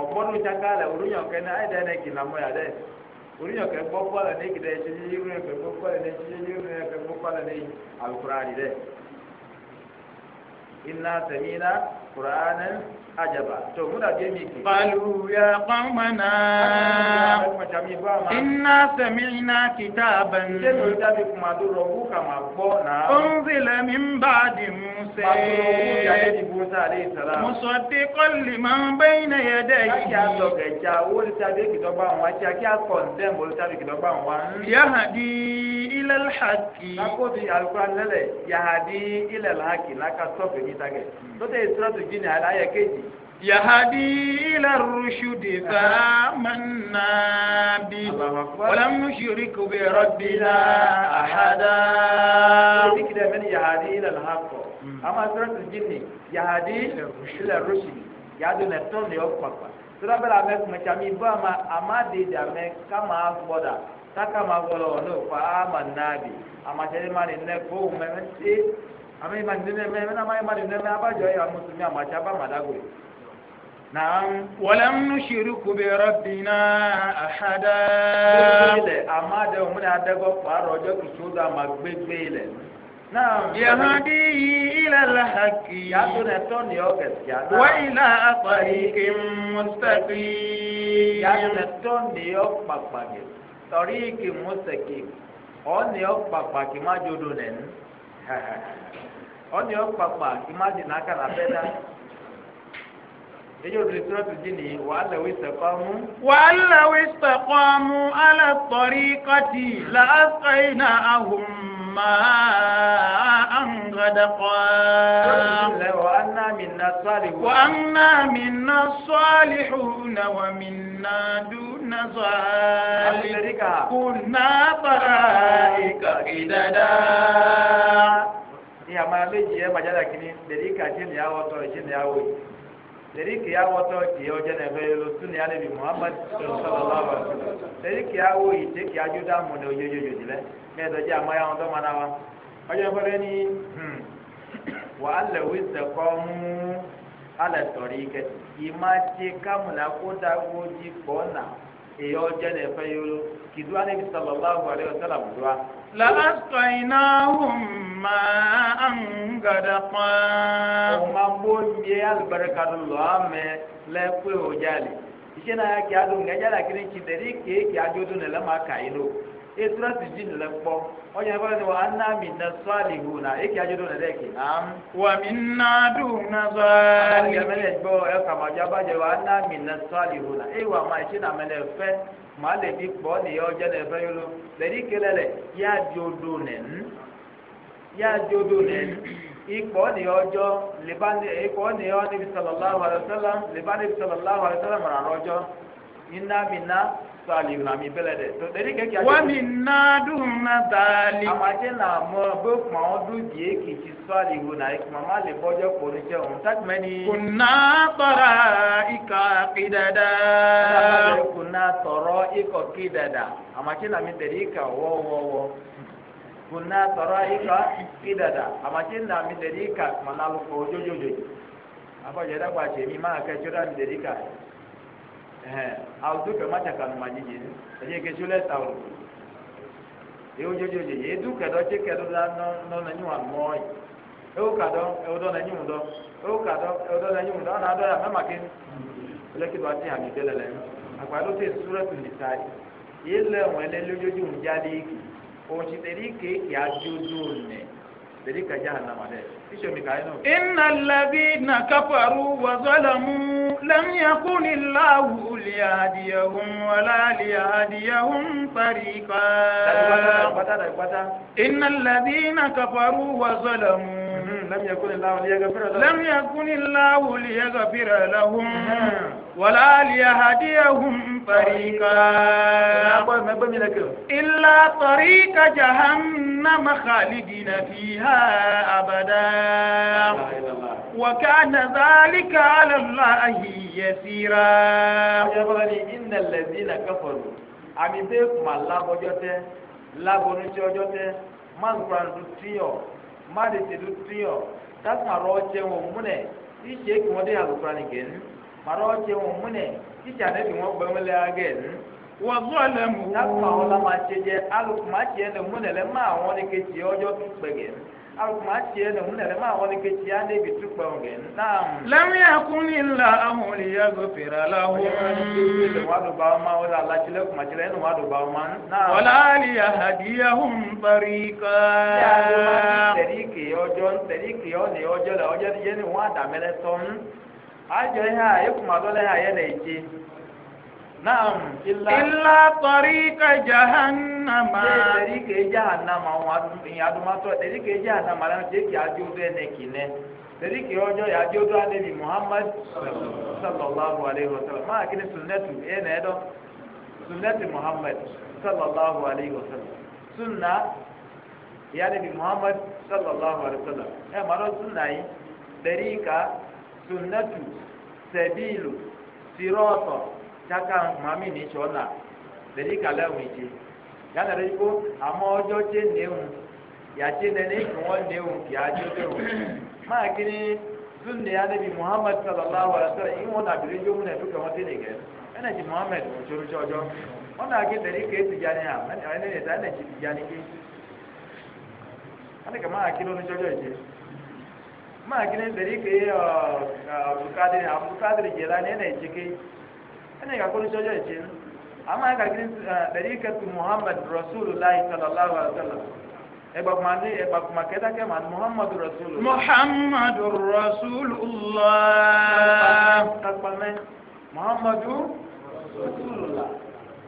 ọgbọnu tsaka lẹ olùyàn kẹ ní ayẹdẹ ẹnẹ kìlà mọ yàdẹ olùyàn kẹ gbọ kọlẹ ní kìlẹ ẹsẹ yíyí rẹ kẹ gbọ kọlẹ ní ẹsẹ yíyí rẹ kẹ gbọ kọlẹ ní alukura ni dẹ iná sẹmínà kuraani. ajaba to muna je mi ki ya qaumana inna sami'na kitaban je ta bi kuma do kama na unzila min ba'di musa ya di musa alayhi salam musaddiqan liman bayna ya do ke ja o ta bi ki do ba won ja ki a condemn o ta bi ki do ba won ila so ni to te sura tu ala keji يهدي إلى الرشد فآمنا به ولم نشرك بربنا أحدا كده من يهدي إلى الحق أما سورة الجن يهدي إلى الرشد يهدي نتون ليوكوكا sura bẹ́ẹ̀ amẹ́ kùmẹ̀tsà mi bọ́ ama amáde dì amẹ́ kama gbọ́dà sákàmà gbọ́dọ̀ ọ̀nà òfa ama nàbì amatsẹ́ni ma lè nẹ́ fóun mẹ́mẹ́ ṣe amẹ́ ma lè nẹ́ mẹ́mẹ́ amẹ́ ma lè nẹ́ mẹ́ abájọ́ yà mùsùlùmí amatsẹ́ abá màdàgòrè. Naam. Walam nushiriku Rabbi na ahada. Gbégbélé àmà dẹ̀ òun ni adẹ́gbọ́ pààrọ̀ ọjọ́ kìí ó dà má gbégbélé. Naam. Yahadi ila lahaki. Yàtò nà ẹ̀tọ́ ni ọ kẹ̀sì àná. Wa ila àpàyíkì mùsàkì. Yàtò nà ẹ̀tọ́ ni ọ kpàkpàkì. Tọ̀ríkì mùsàkì. Ọ̀ ni ọ kpàkpàkì má jodo nẹ̀ ní. ni ọ kpàkpà má dì n'aka bẹ́ẹ̀ dá. ولو استقاموا على الطريقة ni wàhálà wí وأنا منا الصالحون ومنا دون ذلك كنا طرائق قددا يا ما يا مجالا كني دريكا يا وطو جين يا وي tẹ̀lé ya wato awọ́tọ́ kì í ọjọ́ nẹ̀fẹ́ ya ní bi muhammad sọlọ́lá wa tẹ̀lé kì í ya ìdè kì í adó dààmú ní ojoojoojú jìlẹ̀ mẹ́ẹ̀dọ́ jẹ́ àmọ́ yàwọn tó ma wa ọjọ́ ìfọ́lẹ́ ni wà á lẹ̀ wí sẹ̀kọ́ mú alẹ́ sọ̀rí kẹ́tì ìmá ti èyọ jẹ́ ní ẹ̀fẹ́ yòó kìdú anabi sallallahu alayhi wa sallam dùwà. làásùtọ̀ iná hùn máa ń gàdà pọ́n. ọmọ bó yẹ alibarika lọ amẹ lẹ́kọ̀ọ́ ìhòjáde. iṣẹ́ náà kí a dùn gẹ́jà làkìrì kìdẹ̀rí kéèké adúdú nílẹ̀ máa kà yín lò etura ti di nílẹ̀ kpɔ ɔnyɛ fɔ ɛsɛ wa ana mi na sɔali hu na eke adi do na dɛ ke am. wa mi na du na sɔali. ala mɛlɛ gbɔ ɛkama jɔ abajɛ wa ana mi na sɔali hu na eyi wa ma ɛsi na mɛlɛ fɛ ma le di kpɔ ne yɔ jɛ ne fɛ yolo le di kele lɛ ya di do nɛ nu ya di do nɛ nu ikpɔ ne yɔ jɔ leba ne ikpɔ ne yɔ ne bi sɔlɔ la wa leba ne bi sɔlɔ la wa sɛlɛm rɔ jɔ ina mi na sali na mi bɛlɛ dɛ to kɛ kia. wami na dun na taali. a ma se na mɔ bɛ kuma o du die k'i ti sali wo na ye kuma ma le bɔjɛ kori cɛ o ta tuma ni. kunna tɔra i ka kidada. kunna tɔrɔ i ka kidada a ma se na mi tɛ i ka wɔwɔwɔ kunna tɔrɔ i ka kidada a ma se na mi tɛ i ka kuma lɔ kɔ jojojo. a fɔ yɛrɛ b'a cɛ mi ma kɛ jɔda mi tɛ i ka. àwùjọ kẹ má tsaka nùmá dzidzi ẹdí yẹ kẹsí lẹ tàwùrù ewu edu kẹdọ tsi kẹdọ la nọ nọ n'enyi wa mọ yi ewu kadọ ewu dọ n'enyi wù dọ ewu kadọ ewu dọ n'enyi wù dọ ọnà dọ yà mẹ ma ké lẹkìtì wa ti hàn mi délẹ lẹ sèdíkà jahannama dẹ tíṣọ mi kàáyé náà. iná lẹ́bí na káfàrú wà sọ́làmù lẹ́mìí kúni láwù lìyàdìyàhùn wàlá lìyàdìyàhùn fàríkà. iná lẹ́bí na káfàrú wà sọ́làmù. لم يكن الله ليغفر لهم ولا ليهديهم طريقا إلا طريق جهنم خالدين فيها أبدا وكان ذلك على الله يسيرا إن الذين كفروا àmì bẹ́ẹ̀ kùmà lábọ́jọ́ tẹ́ lábọ́nútì ọjọ́ tẹ́ máa ń ma de te do tuyɔ tasuma rɔ tse wɔn munɛ titse kò wɔn de alukura ni gɛn ma rɔ tse wɔn munɛ titse ane fi wɔn gbɛn la ma tse jɛ alukuma tse ma wɔn de ke agùnmá tiẹ̀ lòun lẹ̀rẹ̀ máa wọlé kejì á débi túpẹ̀ ọ̀gẹ̀ náà. lẹ́yìn àkúnlẹ̀ ńlá ya olùyẹ gòfèrè aláwọ̀. ìwádùbà ọmọ wọn la lajilẹ̀ kùmàjilẹ̀ ẹnu ìwádùbà ọmọ náà. wọlé àlè àhàdíyà hùn parí ká. tẹ̀ríkì ọjọ́ tẹ̀ríkì ọ̀nì ọjọ́ la ọjọ́ yẹn ni wọ́n àdàmẹ́lẹ́ tán. naam illa. illa tariqa jahannama. ṣé tẹ̀ríkè jahannama wọn ìyẹn adumatọ tẹ̀ríkè jahannama lẹ́nu ṣé kì í adé odó ẹ̀ nẹ́kì nẹ́ tẹ̀ríkè ọjọ́ yà adé alẹ́bi muhammad sallallahu alayhi wa sallam máa kí ni sunnẹ́tù ẹ̀ nà dọ́ sunnẹ́tù muhammad sallallahu alayhi wa sallam sunna ìyá muhammad sallallahu alayhi wa sallam ẹ̀ máa lọ sunna yìí tẹ̀ríkà sunnẹ́tù sẹ̀bíìlù sirọ́tọ̀. tsaka mami ni tsɔ na ka kalẹ ŋu tse yana na ko amewo ɔdzɔ tse ne ŋu yatse ne ne ke wɔ ne ŋu kia tse ne maa kini anabi muhammed sallallahu alaihi wa sallam iwọn na tso mu na etu nwata te ne kɛ ɛna muhammed tso na ke deli ke ti dza ne ɛna ne ta ɛna ti dza ne ke kama maa kini ke ɔ la ne ɛna ke. ene ga ko ni sojo e chen ama ga gin darikatu muhammad rasulullah sallallahu alaihi wasallam e ba ma ni e ba ma keda ke man muhammad rasulullah muhammad rasulullah ta pa me muhammad rasulullah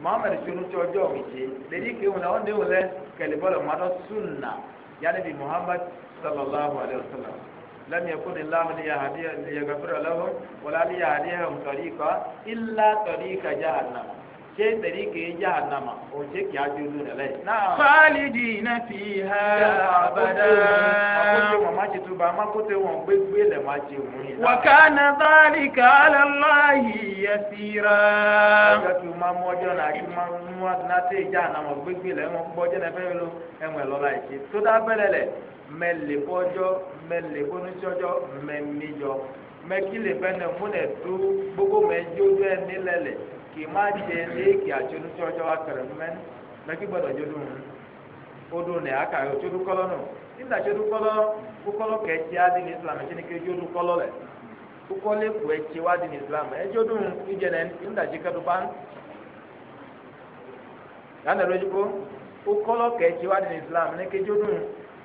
muhammad chunu sojo mi che darike wona onde wala kale bolo ma do sunna yani bi muhammad sallallahu alaihi wasallam لم يكن الله ليغفر لهم ولا ليهديهم طريقا إلا طريق جهنم ṣé tẹ̀ríkì yá ànàmà òun ṣe kìí ajú ojú rẹ̀ lẹ́yìn. náà fáàlìdì iná fi hà abàdà. àkótó wọn má ṣe tó bá àmàkótó wọn gbégbé lẹ̀ má ṣe òun yìí. wàkà na báàlì kàálà láàyè yẹsìrà. ọjọ́ tí o máa mú ọjọ́ náà kí máa mú adúlá tẹ̀ ìjà ànàmà gbégbé lẹ̀ mɛlɛbɔdzɔ mɛlɛbɔnutsɔdzɔ mɛmidzɔ mɛkile bɛnɛ múnɛ tó gbogbo mɛdzo do ɛni lɛ lɛ kì má dze lé kì atsonutsɔdzɔ atɛrɛ mɛn mɛkì gbɔdɔ dzo ŋu o nɛ aka yɔ tso kɔlɔ nù nígbà tso kɔlɔ adi ní islam ni ké kɔlɔ lɛ kó wa di ní islam ŋu idze nɛ nígbà yanni kó wa di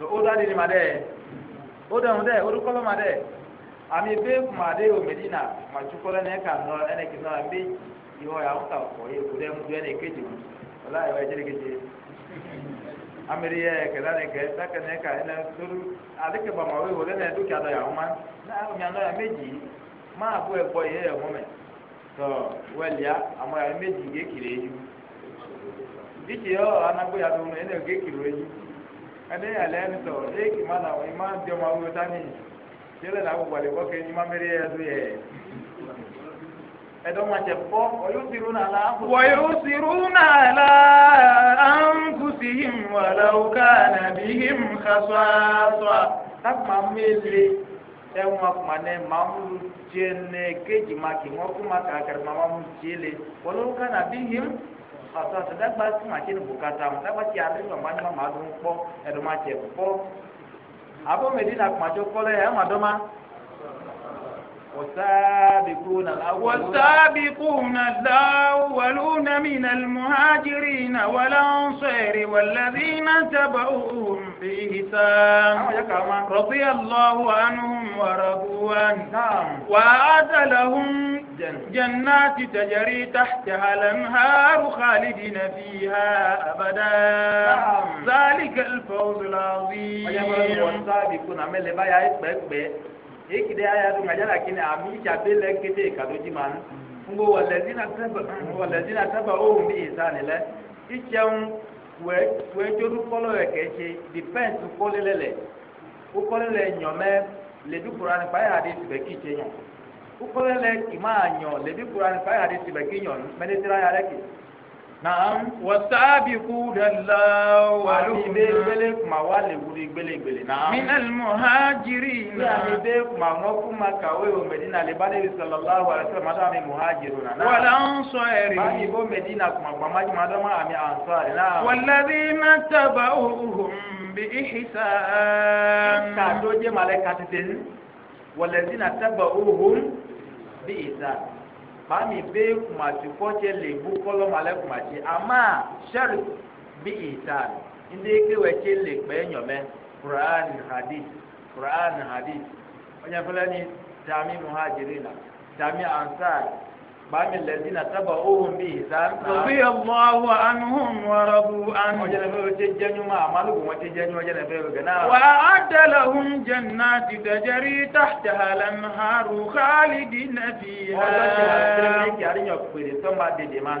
to o da ma dɛ o dɔn dɛ o ma dɛ ami be kuma de o medina ma tsu kɔlɔ ne ka nɔ ɛnɛ ki nɔ ya ta ye o dɛ o amiri yɛ kɛlɛ ne kɛ ne ka ɛnɛ toru ale bama o o lɛ ne dɔ ya ŋu ma na o nya ya meji ma bo ya meji ye kiri eju titi yɔ ya do ne ne eju. ɛdɛ yàlɛ ɛnitɔ ee kìma na o ima di ɔma wo tani yɛlɛ na agbali kɔ kɛ ima mɛri yɛ do yɛ ɛdɔ ma tɛ kpɔ ɔyɔ siru na la. wɔyɔ siru na an kusi walawu ka na bihi kasɔasɔa. ta kuma mele ɛŋua kuma ne mamu tiɛ ne keji ma kì ŋɔ kuma kakari ma mamu tiɛ le walawu ka na bihi ọ̀sán dagba sí màtí ní bùkátà mu dagba tí a ní ìwà máa ní ma máa dún kpọ́ ẹ̀dùn máa tẹ̀ kpọ́ abọ́ mẹ́rin náà kùmàjọ́ kọ́lẹ́ والسابقون الأولون والسابقون الأولون من المهاجرين والأنصار والذين تبعوهم بإحسان نعم، رضي الله عنهم ورضوا عنه نعم. وأعد لهم جنات تجري تحتها الأنهار خالدين فيها أبدا نعم. ذلك الفوز العظيم والسابقون eki de aya tu ngajala kini ami cha bele kete kadoji man ngo walazina taba walazina taba o mbi isani le icham we we jodu kolo eke che depends to kolelele o kolele nyome le du qur'an pa ya be ya be ya naam wasaabi kudala walu. ami bee gbele kuma wale wuli gbele gbele naam. minal muhajiri na. ami kuma ŋo kuma o medina le bade sallallahu alaihi wa sallam adamu muhajiru na. wala ansɔɛri. baami bo medina kuma gbama juma adama ami ansɔɛri na. waladi ma taba ohun bi ihisaan. ka do je malɛ katiten waladi na taba ohun bi ihisaan mami be kumati fɔtse le bu kɔlɔ ma lɛ kumati ama sɛri bi itan ndi kewɛ tse le kpɛ nyɔmɛ quran hadith quran hadith ɔnyɛ fɛlɛ ni dami muhajirin na dami ansar maami lẹbi na taba ohun bi isan. Òbí ọmọ awọ anuhun wọ̀rọ̀bù anu. Ọjọ́ náà fẹ́ẹ́ jẹ́ jẹ́nu máa wọn ti jẹ́nu ọjọ́ náà fẹ́ẹ́ gẹ̀ Wà á dẹ̀lẹ̀ hun jẹ̀nà ti dẹ̀jẹ̀rí tàjà lẹ́nu haru káàlì dín nàbí. Ọjọ́ tí wọ́n ti rẹ́ kí àríyàn pèrè tó dèdè máa.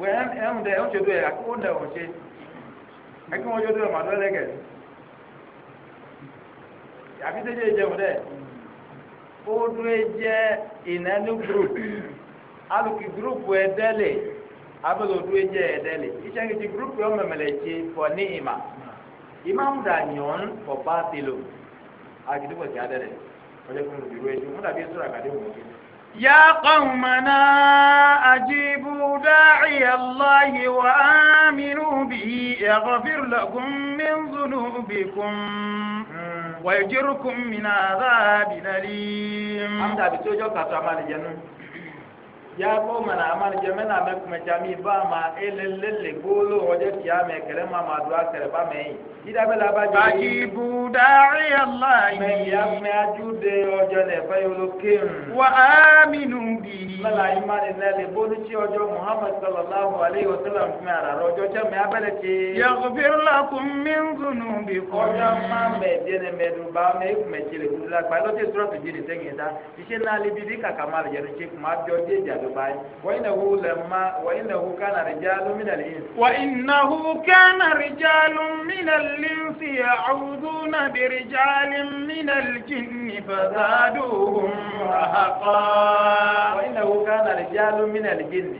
wẹ ẹhùn dẹ ẹhùn tsodo yẹ akó ndẹ wọn tse ẹkí wọn tsodo yẹ mà dọ lẹgẹ àfi tẹ tse jẹun dẹ ó dúró jẹ ìnáni group alùpùpù group yẹ dẹlẹ abẹ́lẹ̀ ó dúró jẹ yẹ dẹlẹ ìtsẹ́kìtì group yẹ mẹmẹlẹ tse fọ ní ìmà ìmáàmù dà nyọ́n fọ bá tẹlẹ o àti dúpọ̀ tí a dẹlẹ ọjọ́ fún mi dúró yẹ tse mo dàbí sọ̀rọ̀ àkàdé wọn kí. يا قومنا أجيبوا داعي الله وآمنوا به يغفر لكم من ذنوبكم ويجركم من عذاب أليم. أنت بتوجه كتاب الجنة ya bo mana amana jame na me kuma jami ba ma elelele bolo oje kiya me kere ma ma dua kere ba me yi ida bela ba ji ajibu da'i allah me ya me ajude oje ne fa yolo kim wa aminu bi mala imani ne le bolu chi ojo muhammad sallallahu alaihi wasallam me ara ojo che me abele ti yaghfir lakum bi. dhunubikum ojo ma me de ne me du ba me me chile bulu la pa lo ti sura tu jiri tengi ta ise na di kaka ma le je ne chi kuma bi oje ja dubai wa innahu lamma wa innahu kana rijalun min al-ins wa innahu kana rijalun min al-ins ya'uduna bi rijalin min al-jinn fazaduhum rahaqa wa innahu kana rijalun min al-jinn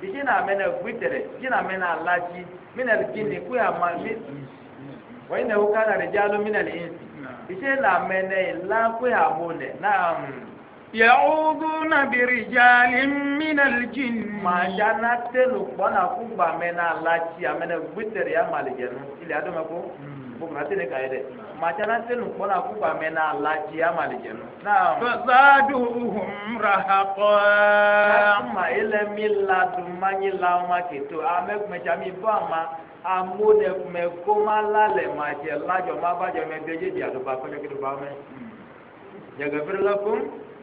jina amena gwitere jina amena alaji min al-jinn kuya ma wa innahu kana rijalun min al-ins jina amena la kuya mole naam يعوذون برجال من الجن ما جانا تلو بنا كوبا من الله يا من بيتر يا مالجن إلى هذا ما هو بكرة تلقى ما جانا تلو بنا كوبا من الله يا مالجن نعم فزادوهم رهقا ما إلا ملا دماني لا ما كتو أمك مجامي بما amóde mẹkó má lálẹ má jẹ lájọ má bàjẹ mẹgbẹ jẹjẹ àdùbà la kum.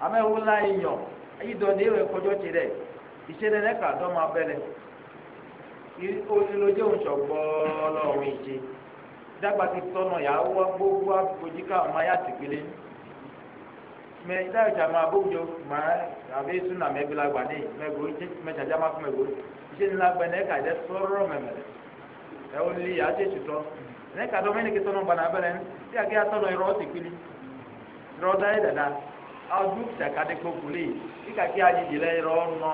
amewo la yi nyɔ eyi dɔ ne wɔ kɔdzɔ tsi dɛ itse ɖe n'eka dɔ ma bɛ lɛ olodze ŋutsɔ gbɔɔlɔ ŋun itse dagbati tɔnɔ ya wɔ gbogbo agodzi ka ma ya ti kele mɛ idayɔtsa ma gbogbo ma abe sunamɛ bi la gba ne mɛ go itse mɛ tsatsa ma fún mɛ go itse ni la gbɛ ka yi dɛ sɔrɔ mɛmɛ lɛ ɛwɔ li ya tse tutɔ n'eka dɔ mɛ ne ke tɔnɔ gba na bɛ lɛ ti ake atɔnɔ yɔrɔ ti kele yɔrɔ da yi dada. adu saka de kpoku li ika ki adzidzi lɛ yɔrɔ nɔ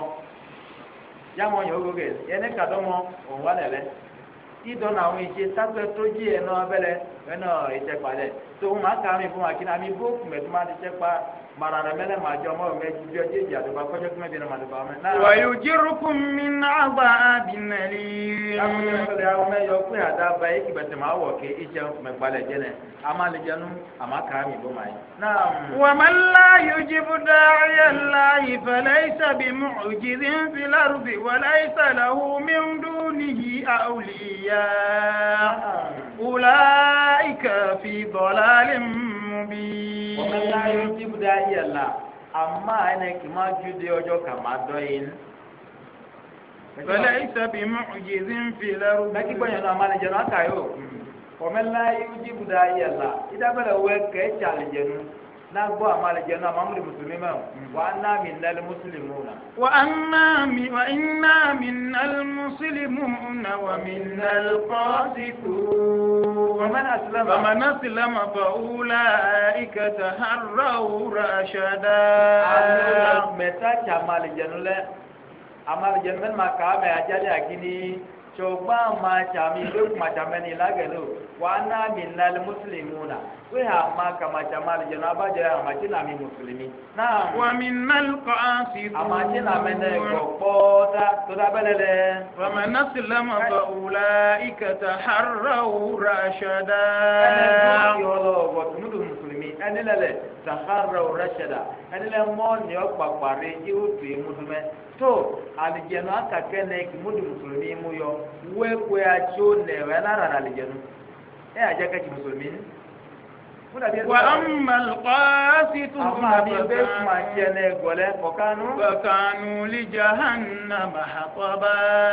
yamu yɔ goge yɛnɛ ka dɔ mɔ òun wa lɛ lɛ idɔ na ŋun itse takpɛ tó dzi yɛ nɔ lɛ tó ma ka fún wa kí na mi bó kumɛ ma ti marara mẹlẹ ma jọ mọ mẹ jíjọ jíjì àdùbà kọjọ tó mẹ bí nàmà àdùbà mẹ. wàyò jírùkún mi náà bá a bí nàlí. akọ̀yọ̀ mẹlẹ àwọn mẹyọ fún yàda yìí kì bẹ̀tẹ̀ máa wọ̀ ké ìjẹ mẹgbàlẹ̀ jẹlẹ̀ a máa lè jẹnu a máa mi bó ma yìí. wàmà láyò jìbù dáhìyà láyì fẹlẹ ìsàbí mu òjìrì ń fi lárúbì wàlẹ ń dún níyì àwòlíyà. wùlá ìkà fi bọ̀lá mubin. Wọ́n ká yóò ti bu dá yẹ la, àmà ẹnẹ kì máa ju de ọjọ́ kà máa dọ́ yín. Fẹlẹ́ ìsẹ̀bí mú ìjìzí ń fi lẹ́rú. Mẹ́kí gbọ́nyẹ̀ náà máa lè jẹun àkàyò. Wọ́n ká yóò ti bu dá yẹ la, ìdábẹ̀rẹ̀ wẹ́ kẹ́ ẹ̀ nagbɔ amalejɛ náà mamuli musulmi mɛ o wa ana mi nali muslimu na. wa ana mi wa ina mi nali muslimu na wa mi nali kɔsitu. bamana silama. bamana silama fa wula ikata harawura asada. a nana mɛta caman alejɛnu lɛ amalejɛnu mɛ ma k'a mɛ a jaabi a gini tsɔgba ma tsami lóko ma tsami ni lagɛlɛ o wàhánà mi nali mùsùlùmí na wíyà àmà kàmà tsami alìjẹnu abajẹ àmàtí nà mi mùsùlùmí. náà wà mí nali kọ́ án sí kú. àmàtí nà mi nà ẹ̀kọ́ kpọ́ọ́ta tó dábẹ́lẹ́ dẹ. fama nasilama ka wula ikata harawu rashada. ẹni tó yọ lọ bọ̀tumudu mùsùlùmí ẹni lẹ́lẹ̀ saharawu ẹni lẹ́ so alijanu akake ne kimudu musulumi mu yɔ wɛkue atso nɛ wɛ nara na alijanu ɛ adzaka tsi musulumi ni. وأما القاسطون فكانوا فكانوا لجهنم حطبا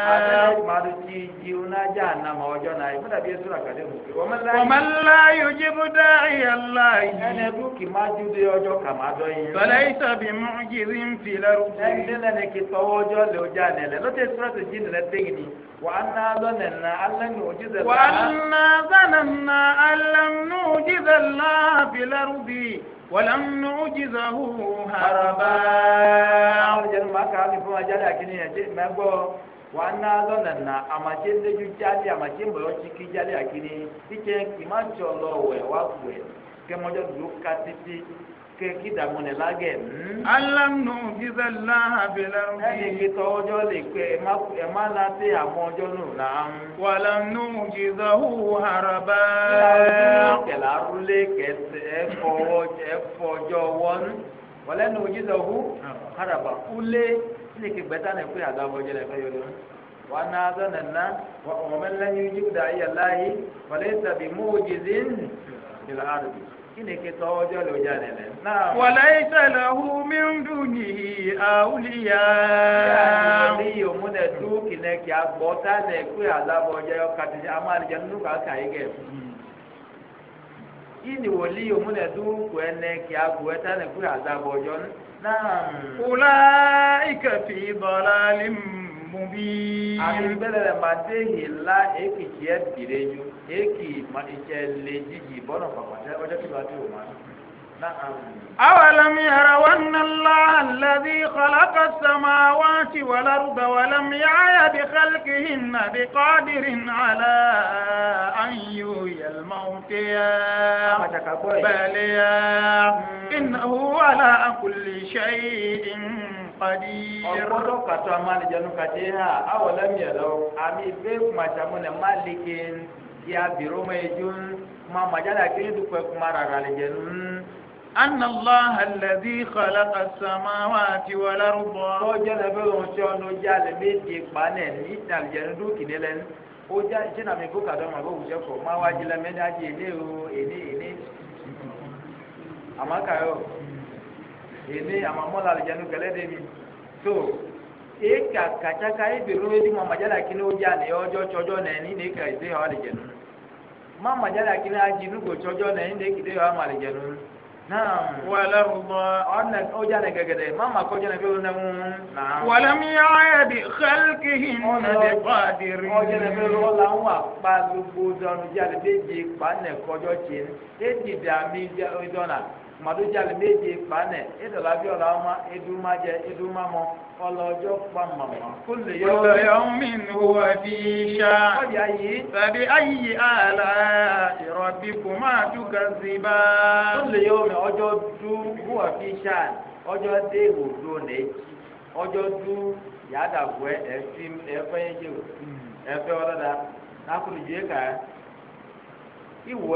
ومن لا يجيب داعي الله فليس بمعجز في الأرض وأنا ظننا أن لن نعجز الله وأنا ظننا أن لن نعجز الله في الأرض ولم نعجزه هربا أرجل ما كان في مجال لكن ما هو وأنا ظننا أما جند جالي أما جند بيوتي جالي لكن إذا كما تشاء الله وأقوى كما جند لك kida mune lage alam nu giza laha bilaru ẹni kitọ ọjọ le pe ẹ má na ti àwọn ọjọ nù náà. wàlám nu giza hu haraba. kẹlẹ arúlé kẹsẹ ẹfọjọ wọn wàlẹ nu giza hu kúlé ní kí gbẹta ní pé àgbà bọjọ lẹfẹ yọ lọ. وانا ظننا ومن لم يجب داعي الله فليس بموجز في الارض kini kitɔ ɔjɔ le ɔjɔ nɛnɛ. wàlá ìtàlẹ̀ hu mi ń dùn yìí àwùlíyà. ní yòmú nẹ dú kìnẹ kí a gbọ́ tá ọjọ́ yọ kàtí àmọ́ àlejò nínú kà kà kẹ. yìí ni wòlí yòmú nẹ dú ẹnẹ kí a gbọ́ tá nẹ kú àzàbọ̀ náà. wùlá ìkẹfì bọ̀lá limu. Mubi. la, mubin. Àgbẹ̀lẹ̀ màdéhì ńlá èkìtì ẹ̀ bìrẹ̀ yó èkì ìṣẹ̀lẹ̀ jíjì bọ́nà pàpàtẹ́ ọjọ́ kí ló dé òun máa. أولم يروا أن الله الذي خلق السماوات والأرض ولم يعي بخلقهن بقادر على أن يحيي الموتى بل إنه على كل شيء qadir. ọgbọdọ katọ amalijanu kati ha awọlẹ miẹlọ ami ife kumasamu ne ma leke ya biro ma ejo ma majala kiri dukpẹ kuma rara alijanu. أن الله الذي خلق السماوات والأرض وجل بوشون وجل بيتك بانين نيتنا الجنود كنلن oja jina mi kó kadà ma bó wùjẹ kọ má wá jìlá mẹta jì èlé o èlé èlé àmàkàyọ èlé àmàmọ́lá àlùjánu kẹlẹ́ dé mi tó eka kàtsaka ebèrè wédi mu amadzala kini oja ni ọjọ tsọjọ nẹni ní eka ìdè yà wà àlùjánu má amadzala kini adi nugo tsọjọ nẹni ní eka ìdè yà wà àlùjánu. ولا ولم يعي بخلقهن بقادر mmadụ méje kpanẹ ìdọ̀làbí e ọ̀la ọma ìdúmá e jẹ ìdúmá e mọ ọlọ́jọ́ pa màmá. kúlè yọ ọ yọ ya wọ fi ṣá. ọjà yìí. tàbí ayé àlà ìrọ̀bí kò máa dúkà sí bá. kúlè yọ mi ọjọ́ dú fi ṣá ọjọ́ dé òdo ẹ fi o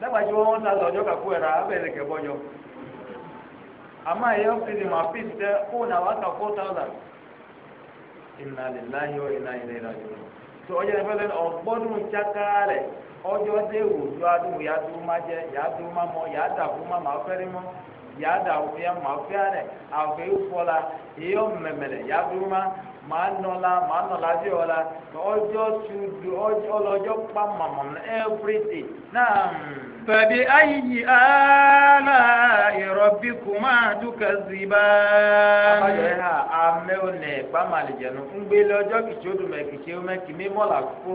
dábàjẹ́ wọn ta lọ́jọ́ kàkú ẹ̀rà abẹ́rẹ́ kẹ́bọ́jọ́ àmọ́ ẹ̀yọ́ kìdì máa fi tẹ fóònù àwọn akà four thousand ìnà lè láyọ̀ ìnà ìnà ìnà ìnà tó ọjọ́ ẹ̀fẹ́ lẹ́nu ọ̀gbọ́dún jákàálẹ̀ ọjọ́ dé òjò adùn yà dùn má jẹ yà dùn má mọ yà dà fún má má fẹ́rí mọ́ yà dà fún yà má fẹ́ rẹ̀ àfẹ́ fọlá ẹ̀yọ́ mẹ̀mẹ̀lẹ̀ yà dùn má màá nọlá màá nọlá sí ọ̀la ọjọ́ tu ọlọ́jọ́ pa màmá every day náà. ala, duka ebe a yighi ala ịrọbikumtụkaziameone amalijer mbe elu ọjọ kichi odu ma ekichie omekime m lakụ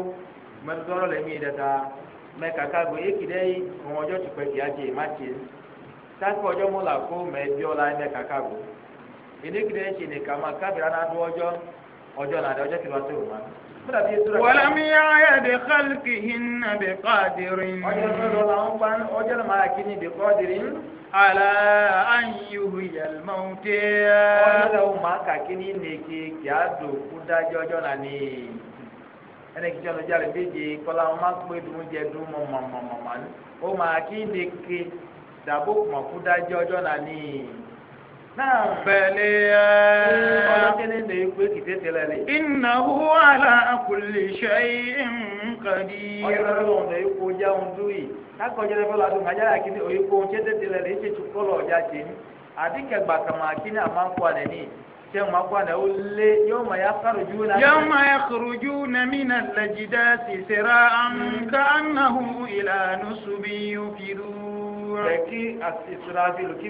ọrọideda mee ka kago ekiri we ọjọọ chikwk ya ga emei kafi ọjọọ mlọ akụ ma ebiọla e ka kago e na-ekirichinị k ma afira na adụọjọọ na dị ọjọọchịrịata ụma ولم يعد خلقهن بقادر على أن يهي الموت ẹnìkí tí wọn lọ jáde méje kọlá wọn máa pé dùn jẹ dùn mọ mọ mọ mọ mọ ó máa kí ndèké dàbò kùmọ̀kú dájọ́ ọjọ́ náà nìyí náà bẹ̀lẹ̀ ẹ́. ọlọ́kẹ́lẹ́ lè gbé kìtẹ́tẹ́ la lè. iná hu ala kulè ṣe é nkàdí. ọlọ́kẹ́lẹ́ wọn lè kó jáun dùn yìí. kákọ̀jẹ́ lẹ́fọ́ la dùn ajá yà kíni òye kó ń tẹ́tẹ́tẹ́ la lè ṣe tún kọ́lọ̀ ọjà jẹ́ ní. àti kẹgbà kàmá kíni àmà ń kó alẹ́ máa kó alẹ́ ó lé yóò máa yà kárùjú náà. yóò máa yà kárùjú nàmínà lajidá sísèrà àmúkà ànàhùn ìlànà sùbí yóò fi bẹ́ẹ̀ kí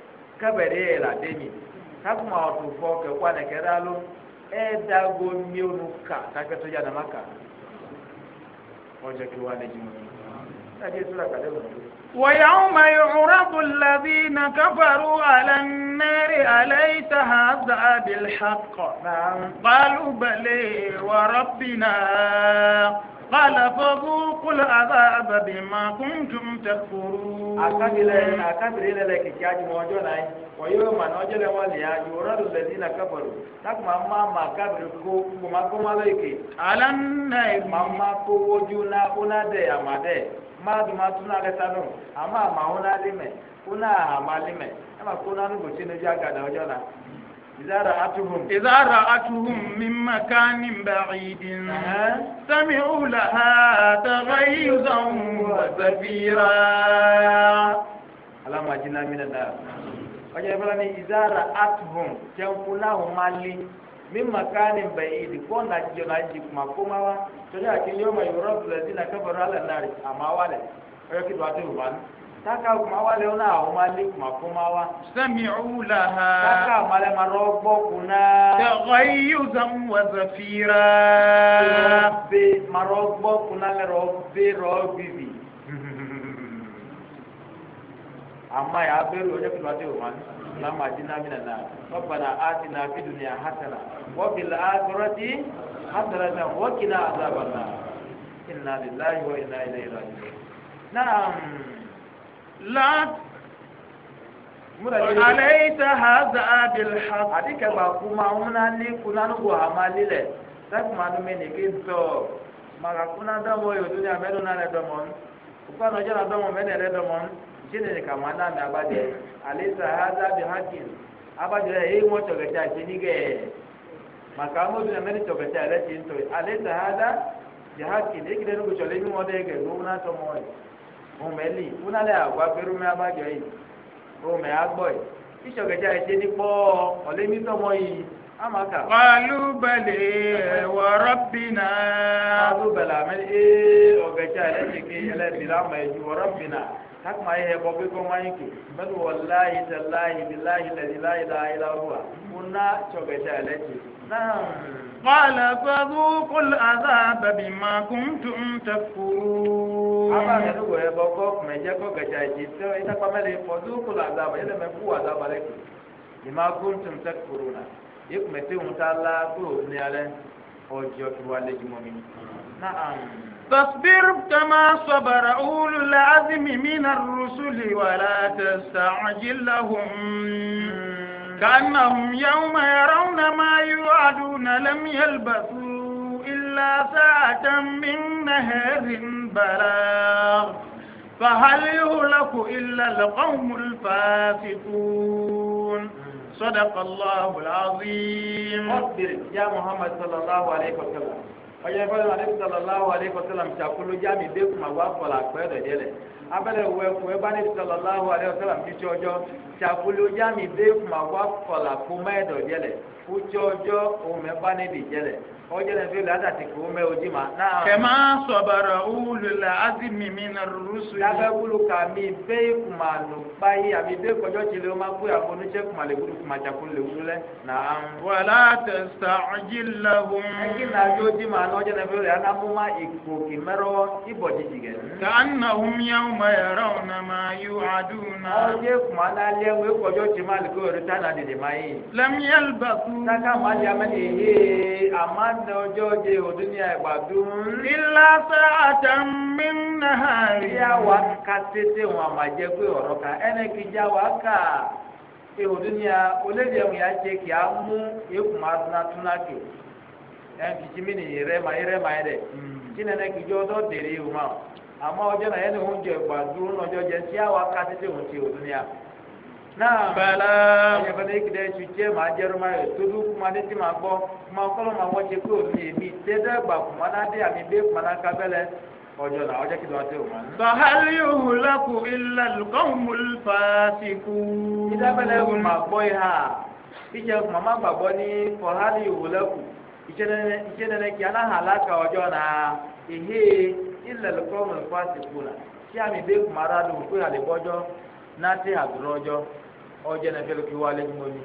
kɛbɛri yɛ la deni kakuma ɔtu fɔ kɛkɔ anɛkɛ dɛ alo ɛdago mionu ka kakɛtɔ ya nama ka ɔjɛ kiri wa neji mu ɛdi esu la kadɛ mu. ويوم يعرض الذين كفروا على النار أليس هذا بالحق نعم. قالوا بلي وربنا قال فذوقوا العذاب بما كنتم تكفرون akabiri lele kìkì adumọ ọjọ náà yìí wọ́yọ́ ọmọ náà ọjọ́ lẹ́wọ́n lè adu rọ́ọ̀lù lẹ́dí náà kábọ̀lù tákù máa má má akabiri kó kó má kó má lóye ké. alanna yìí. máa má ya wojú náà ó náà dẹ̀ àmà dẹ̀ má dùn má tún náà lẹ́ta nù àmà àmà ó náà lé mẹ́ ó náà àmà lé إذا رأتهم من مكان بعيد سمعوا لها تغيزا وزفيرا اللهم أجنا من النار ọjọ́ ìfọlá ní ìzára athum jẹun láwọn máa lé mímọ̀ káàní bẹ̀yìí kọ́nà jọ̀nà jìkùmá kó máa wá torí àti ní ọmọ yorùbá bìlẹ̀ sí nàkẹ́bọ̀rọ̀ alẹ́ náà rẹ̀ àmọ́ wà lẹ̀ kí ló wá tó yorùbá náà taka kumawa leo na umali kumakumawa sami'u laha taka male marobo kuna taghayyuzan wa zafira be marobo kuna le robbi robbi amma (laughs) ya bero ya kuma de umani la majina mina na rabbana atina fid dunya hasana wa fil akhirati hasana wa qina adhaban nar inna lillahi wa inna ilaihi raji'un na'am لا أليس هذا بالحق أديك باكوما ومنا لي كنا نقول عمالي لك تكما نمني كنتو maka kuna dɔmɔ yi o dunia mɛ dona lɛ dɔmɔ nu ufa nɔdze la dɔmɔ mɛ lɛ na mi abadze ale bi hakin abadze la eyi ŋɔ tsɔgɛtɛ ati ni gɛ maka amu na mɛli funalɛ agwa peru mɛ abadzɔ yi mɛ agbɔ yi tíṣọ kẹjá ẹjẹ ní pọ ọlẹ ní tọmọ yìí amaka. wàlúbẹ̀lẹ̀ wọ̀rọ̀ bìnà. wàlúbẹ̀lẹ̀ àmì ee ọ̀gẹ̀já ẹlẹ́sìnkì ẹlẹ́sìnkì àmọ̀ yi ke bɛli walayi talayi bilayi قال فذوقوا العذاب بما كنتم تكفرون aba mi ló wẹ̀ bọ́ kọ́ kùmẹ̀ jẹ́ kọ́ gẹ̀jà ìjì tí ó ìtàkpá mẹ́lẹ̀ fọ́dúkù làdàbà yẹ́lẹ̀ mẹ́ fún wàdàbà rẹ̀ kù ìmá gómìnà tẹ̀ kúrò nà yẹ kùmẹ̀ tí òun ta la kúrò ní alẹ́ ọjọ́ tó wà lẹ́yìn mọ́ mi. فاصبر كما صبر أولو العزم من الرسل ولا تستعجل لهم كأنهم يوم يرون ما يوعدون لم يلبثوا إلا ساعة من نهار بلاغ فهل يهلك إلا القوم الفاسقون صدق الله العظيم اصبر يا محمد صلى الله عليه وسلم ويا fọlọ صلى الله عليه وسلم kọsọlọ mi sàkóló jáde dẹkùn àwọn abẹ́lẹ̀ wọ ẹkùn ẹ bá ní sọlọ́láhu alẹ́sọ̀lá mi tí ọjọ́ ṣàkóló yámi dé kùmà wá kọ̀là kó mẹ́ẹ̀dọ̀ jẹlẹ̀ kó tí ọjọ́ òun mẹ́ bá ní ìdí jẹlẹ̀ ọjọ́ náà fẹ́ẹ́ lọ́dà tí kò mẹ́ ojú ma. kẹ̀má sọ̀bàrà wúlùlà ázìmì mi nà rúṣù. lábẹ́ wúlù kà mí bẹ́ kùmà ló báyé àmì bẹ́ kọjọ́ tí lè má gbé àfonúṣẹ́ kùmà lè wúlù kùmà jà kó lè wúlù lẹ́. wàlá tẹ̀sán ọ̀jìnlẹ̀hùn. ẹ̀jìn náà yóò dì mà ní ọjọ́ náà fẹ́ẹ́ lọ́dà mú má ìkòkì mẹ́rọ ìbọ̀dì jìgẹ̀. kà nà hùm yẹn yẹ̀rọ na ma yú na. Àwọn yé kuma n'alẹ́ wo ekɔjɔ tí ma lùkọ́ yẹrù na dèdè ma yé. ma di ama yé yé àmà ní ọjọ́ de òdúnyà ìgbà dùn. Ilá sọ àtàmì náà rí. Bí a wà ká tètè wọn àmà jẹ́ pé ọ̀rọ̀ ya a mú ekuma tunatuna kè. Ẹn kìjì mi nìyí ma yẹ ma àmọ́ ọjọ́ náà yẹn ní oúnjẹ ìgbà dúró náà jẹ tí àwa ká títí òun ti òun ní a. náà bẹ́ẹ̀lá ọjọ́ fẹ́ẹ́ kíkìdẹ́ ṣu jẹ́ màá jẹ́rú máa yẹ tó dúró kuma ní tí màá gbọ́ kuma kọ́lọ́ máa wọ́n ṣe pé òun gbà náà dé àmì bẹ́ẹ̀ náà kábẹ́lẹ́ ọjọ́ náà ọjọ́ ilẹ̀ lọ́kọ́ mọ̀ nípa àsìkò la tí àmì bẹ́ẹ̀ kùmà rà dùn fún àlébọ́jọ́ náà tẹ̀ àdúrọ́jọ́ ọjọ́ náà fẹ́ lókè wálé ní omi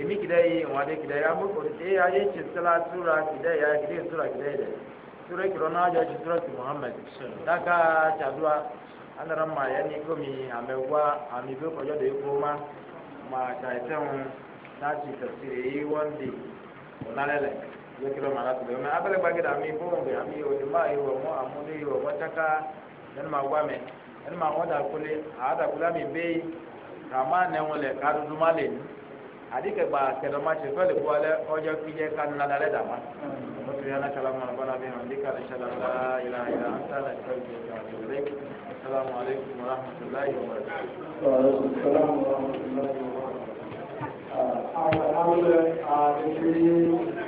èmi kìdá yìí wọn adé kìdá yìí amúkò ẹ ayé tsi sẹlá tura kìdá yìí ayé kìdá tura kìdá yìí dẹ tura kìdá náà yọ tsi tura ti muhammed daka tsadua anara ma yẹ ni komi amẹwa ami bẹ́ẹ̀ kọjọ́ de kó ma ma tsa ẹsẹ̀ wọn náà tsi tẹ̀sí yìí wọ́n di ọ̀nà lẹ́lẹ̀ zekiro ma lati bɛn mɛ abɛlɛ gbagi da mi bon bɛ ami oduma yi wɔ mɔ amuli yi wɔ mɔ tsaka ɛnu ma wa mɛ ɛnu ma wɔ dakuli a dakuli ami be yi kama nɛŋu lɛ ka dudu ma le nu adi kɛ gba kɛlɛ ma tse fɛlɛ bɔ alɛ ɔdze kpidze ka nuna da lɛ dama wotu ya na salamu ala bana bi hàn dika le salam la ila ila an ta la sɛ bi ka to le salamu aleykum wa rahmatulahi wa barakatuh. Àwọn ọmọ ilẹ̀ àti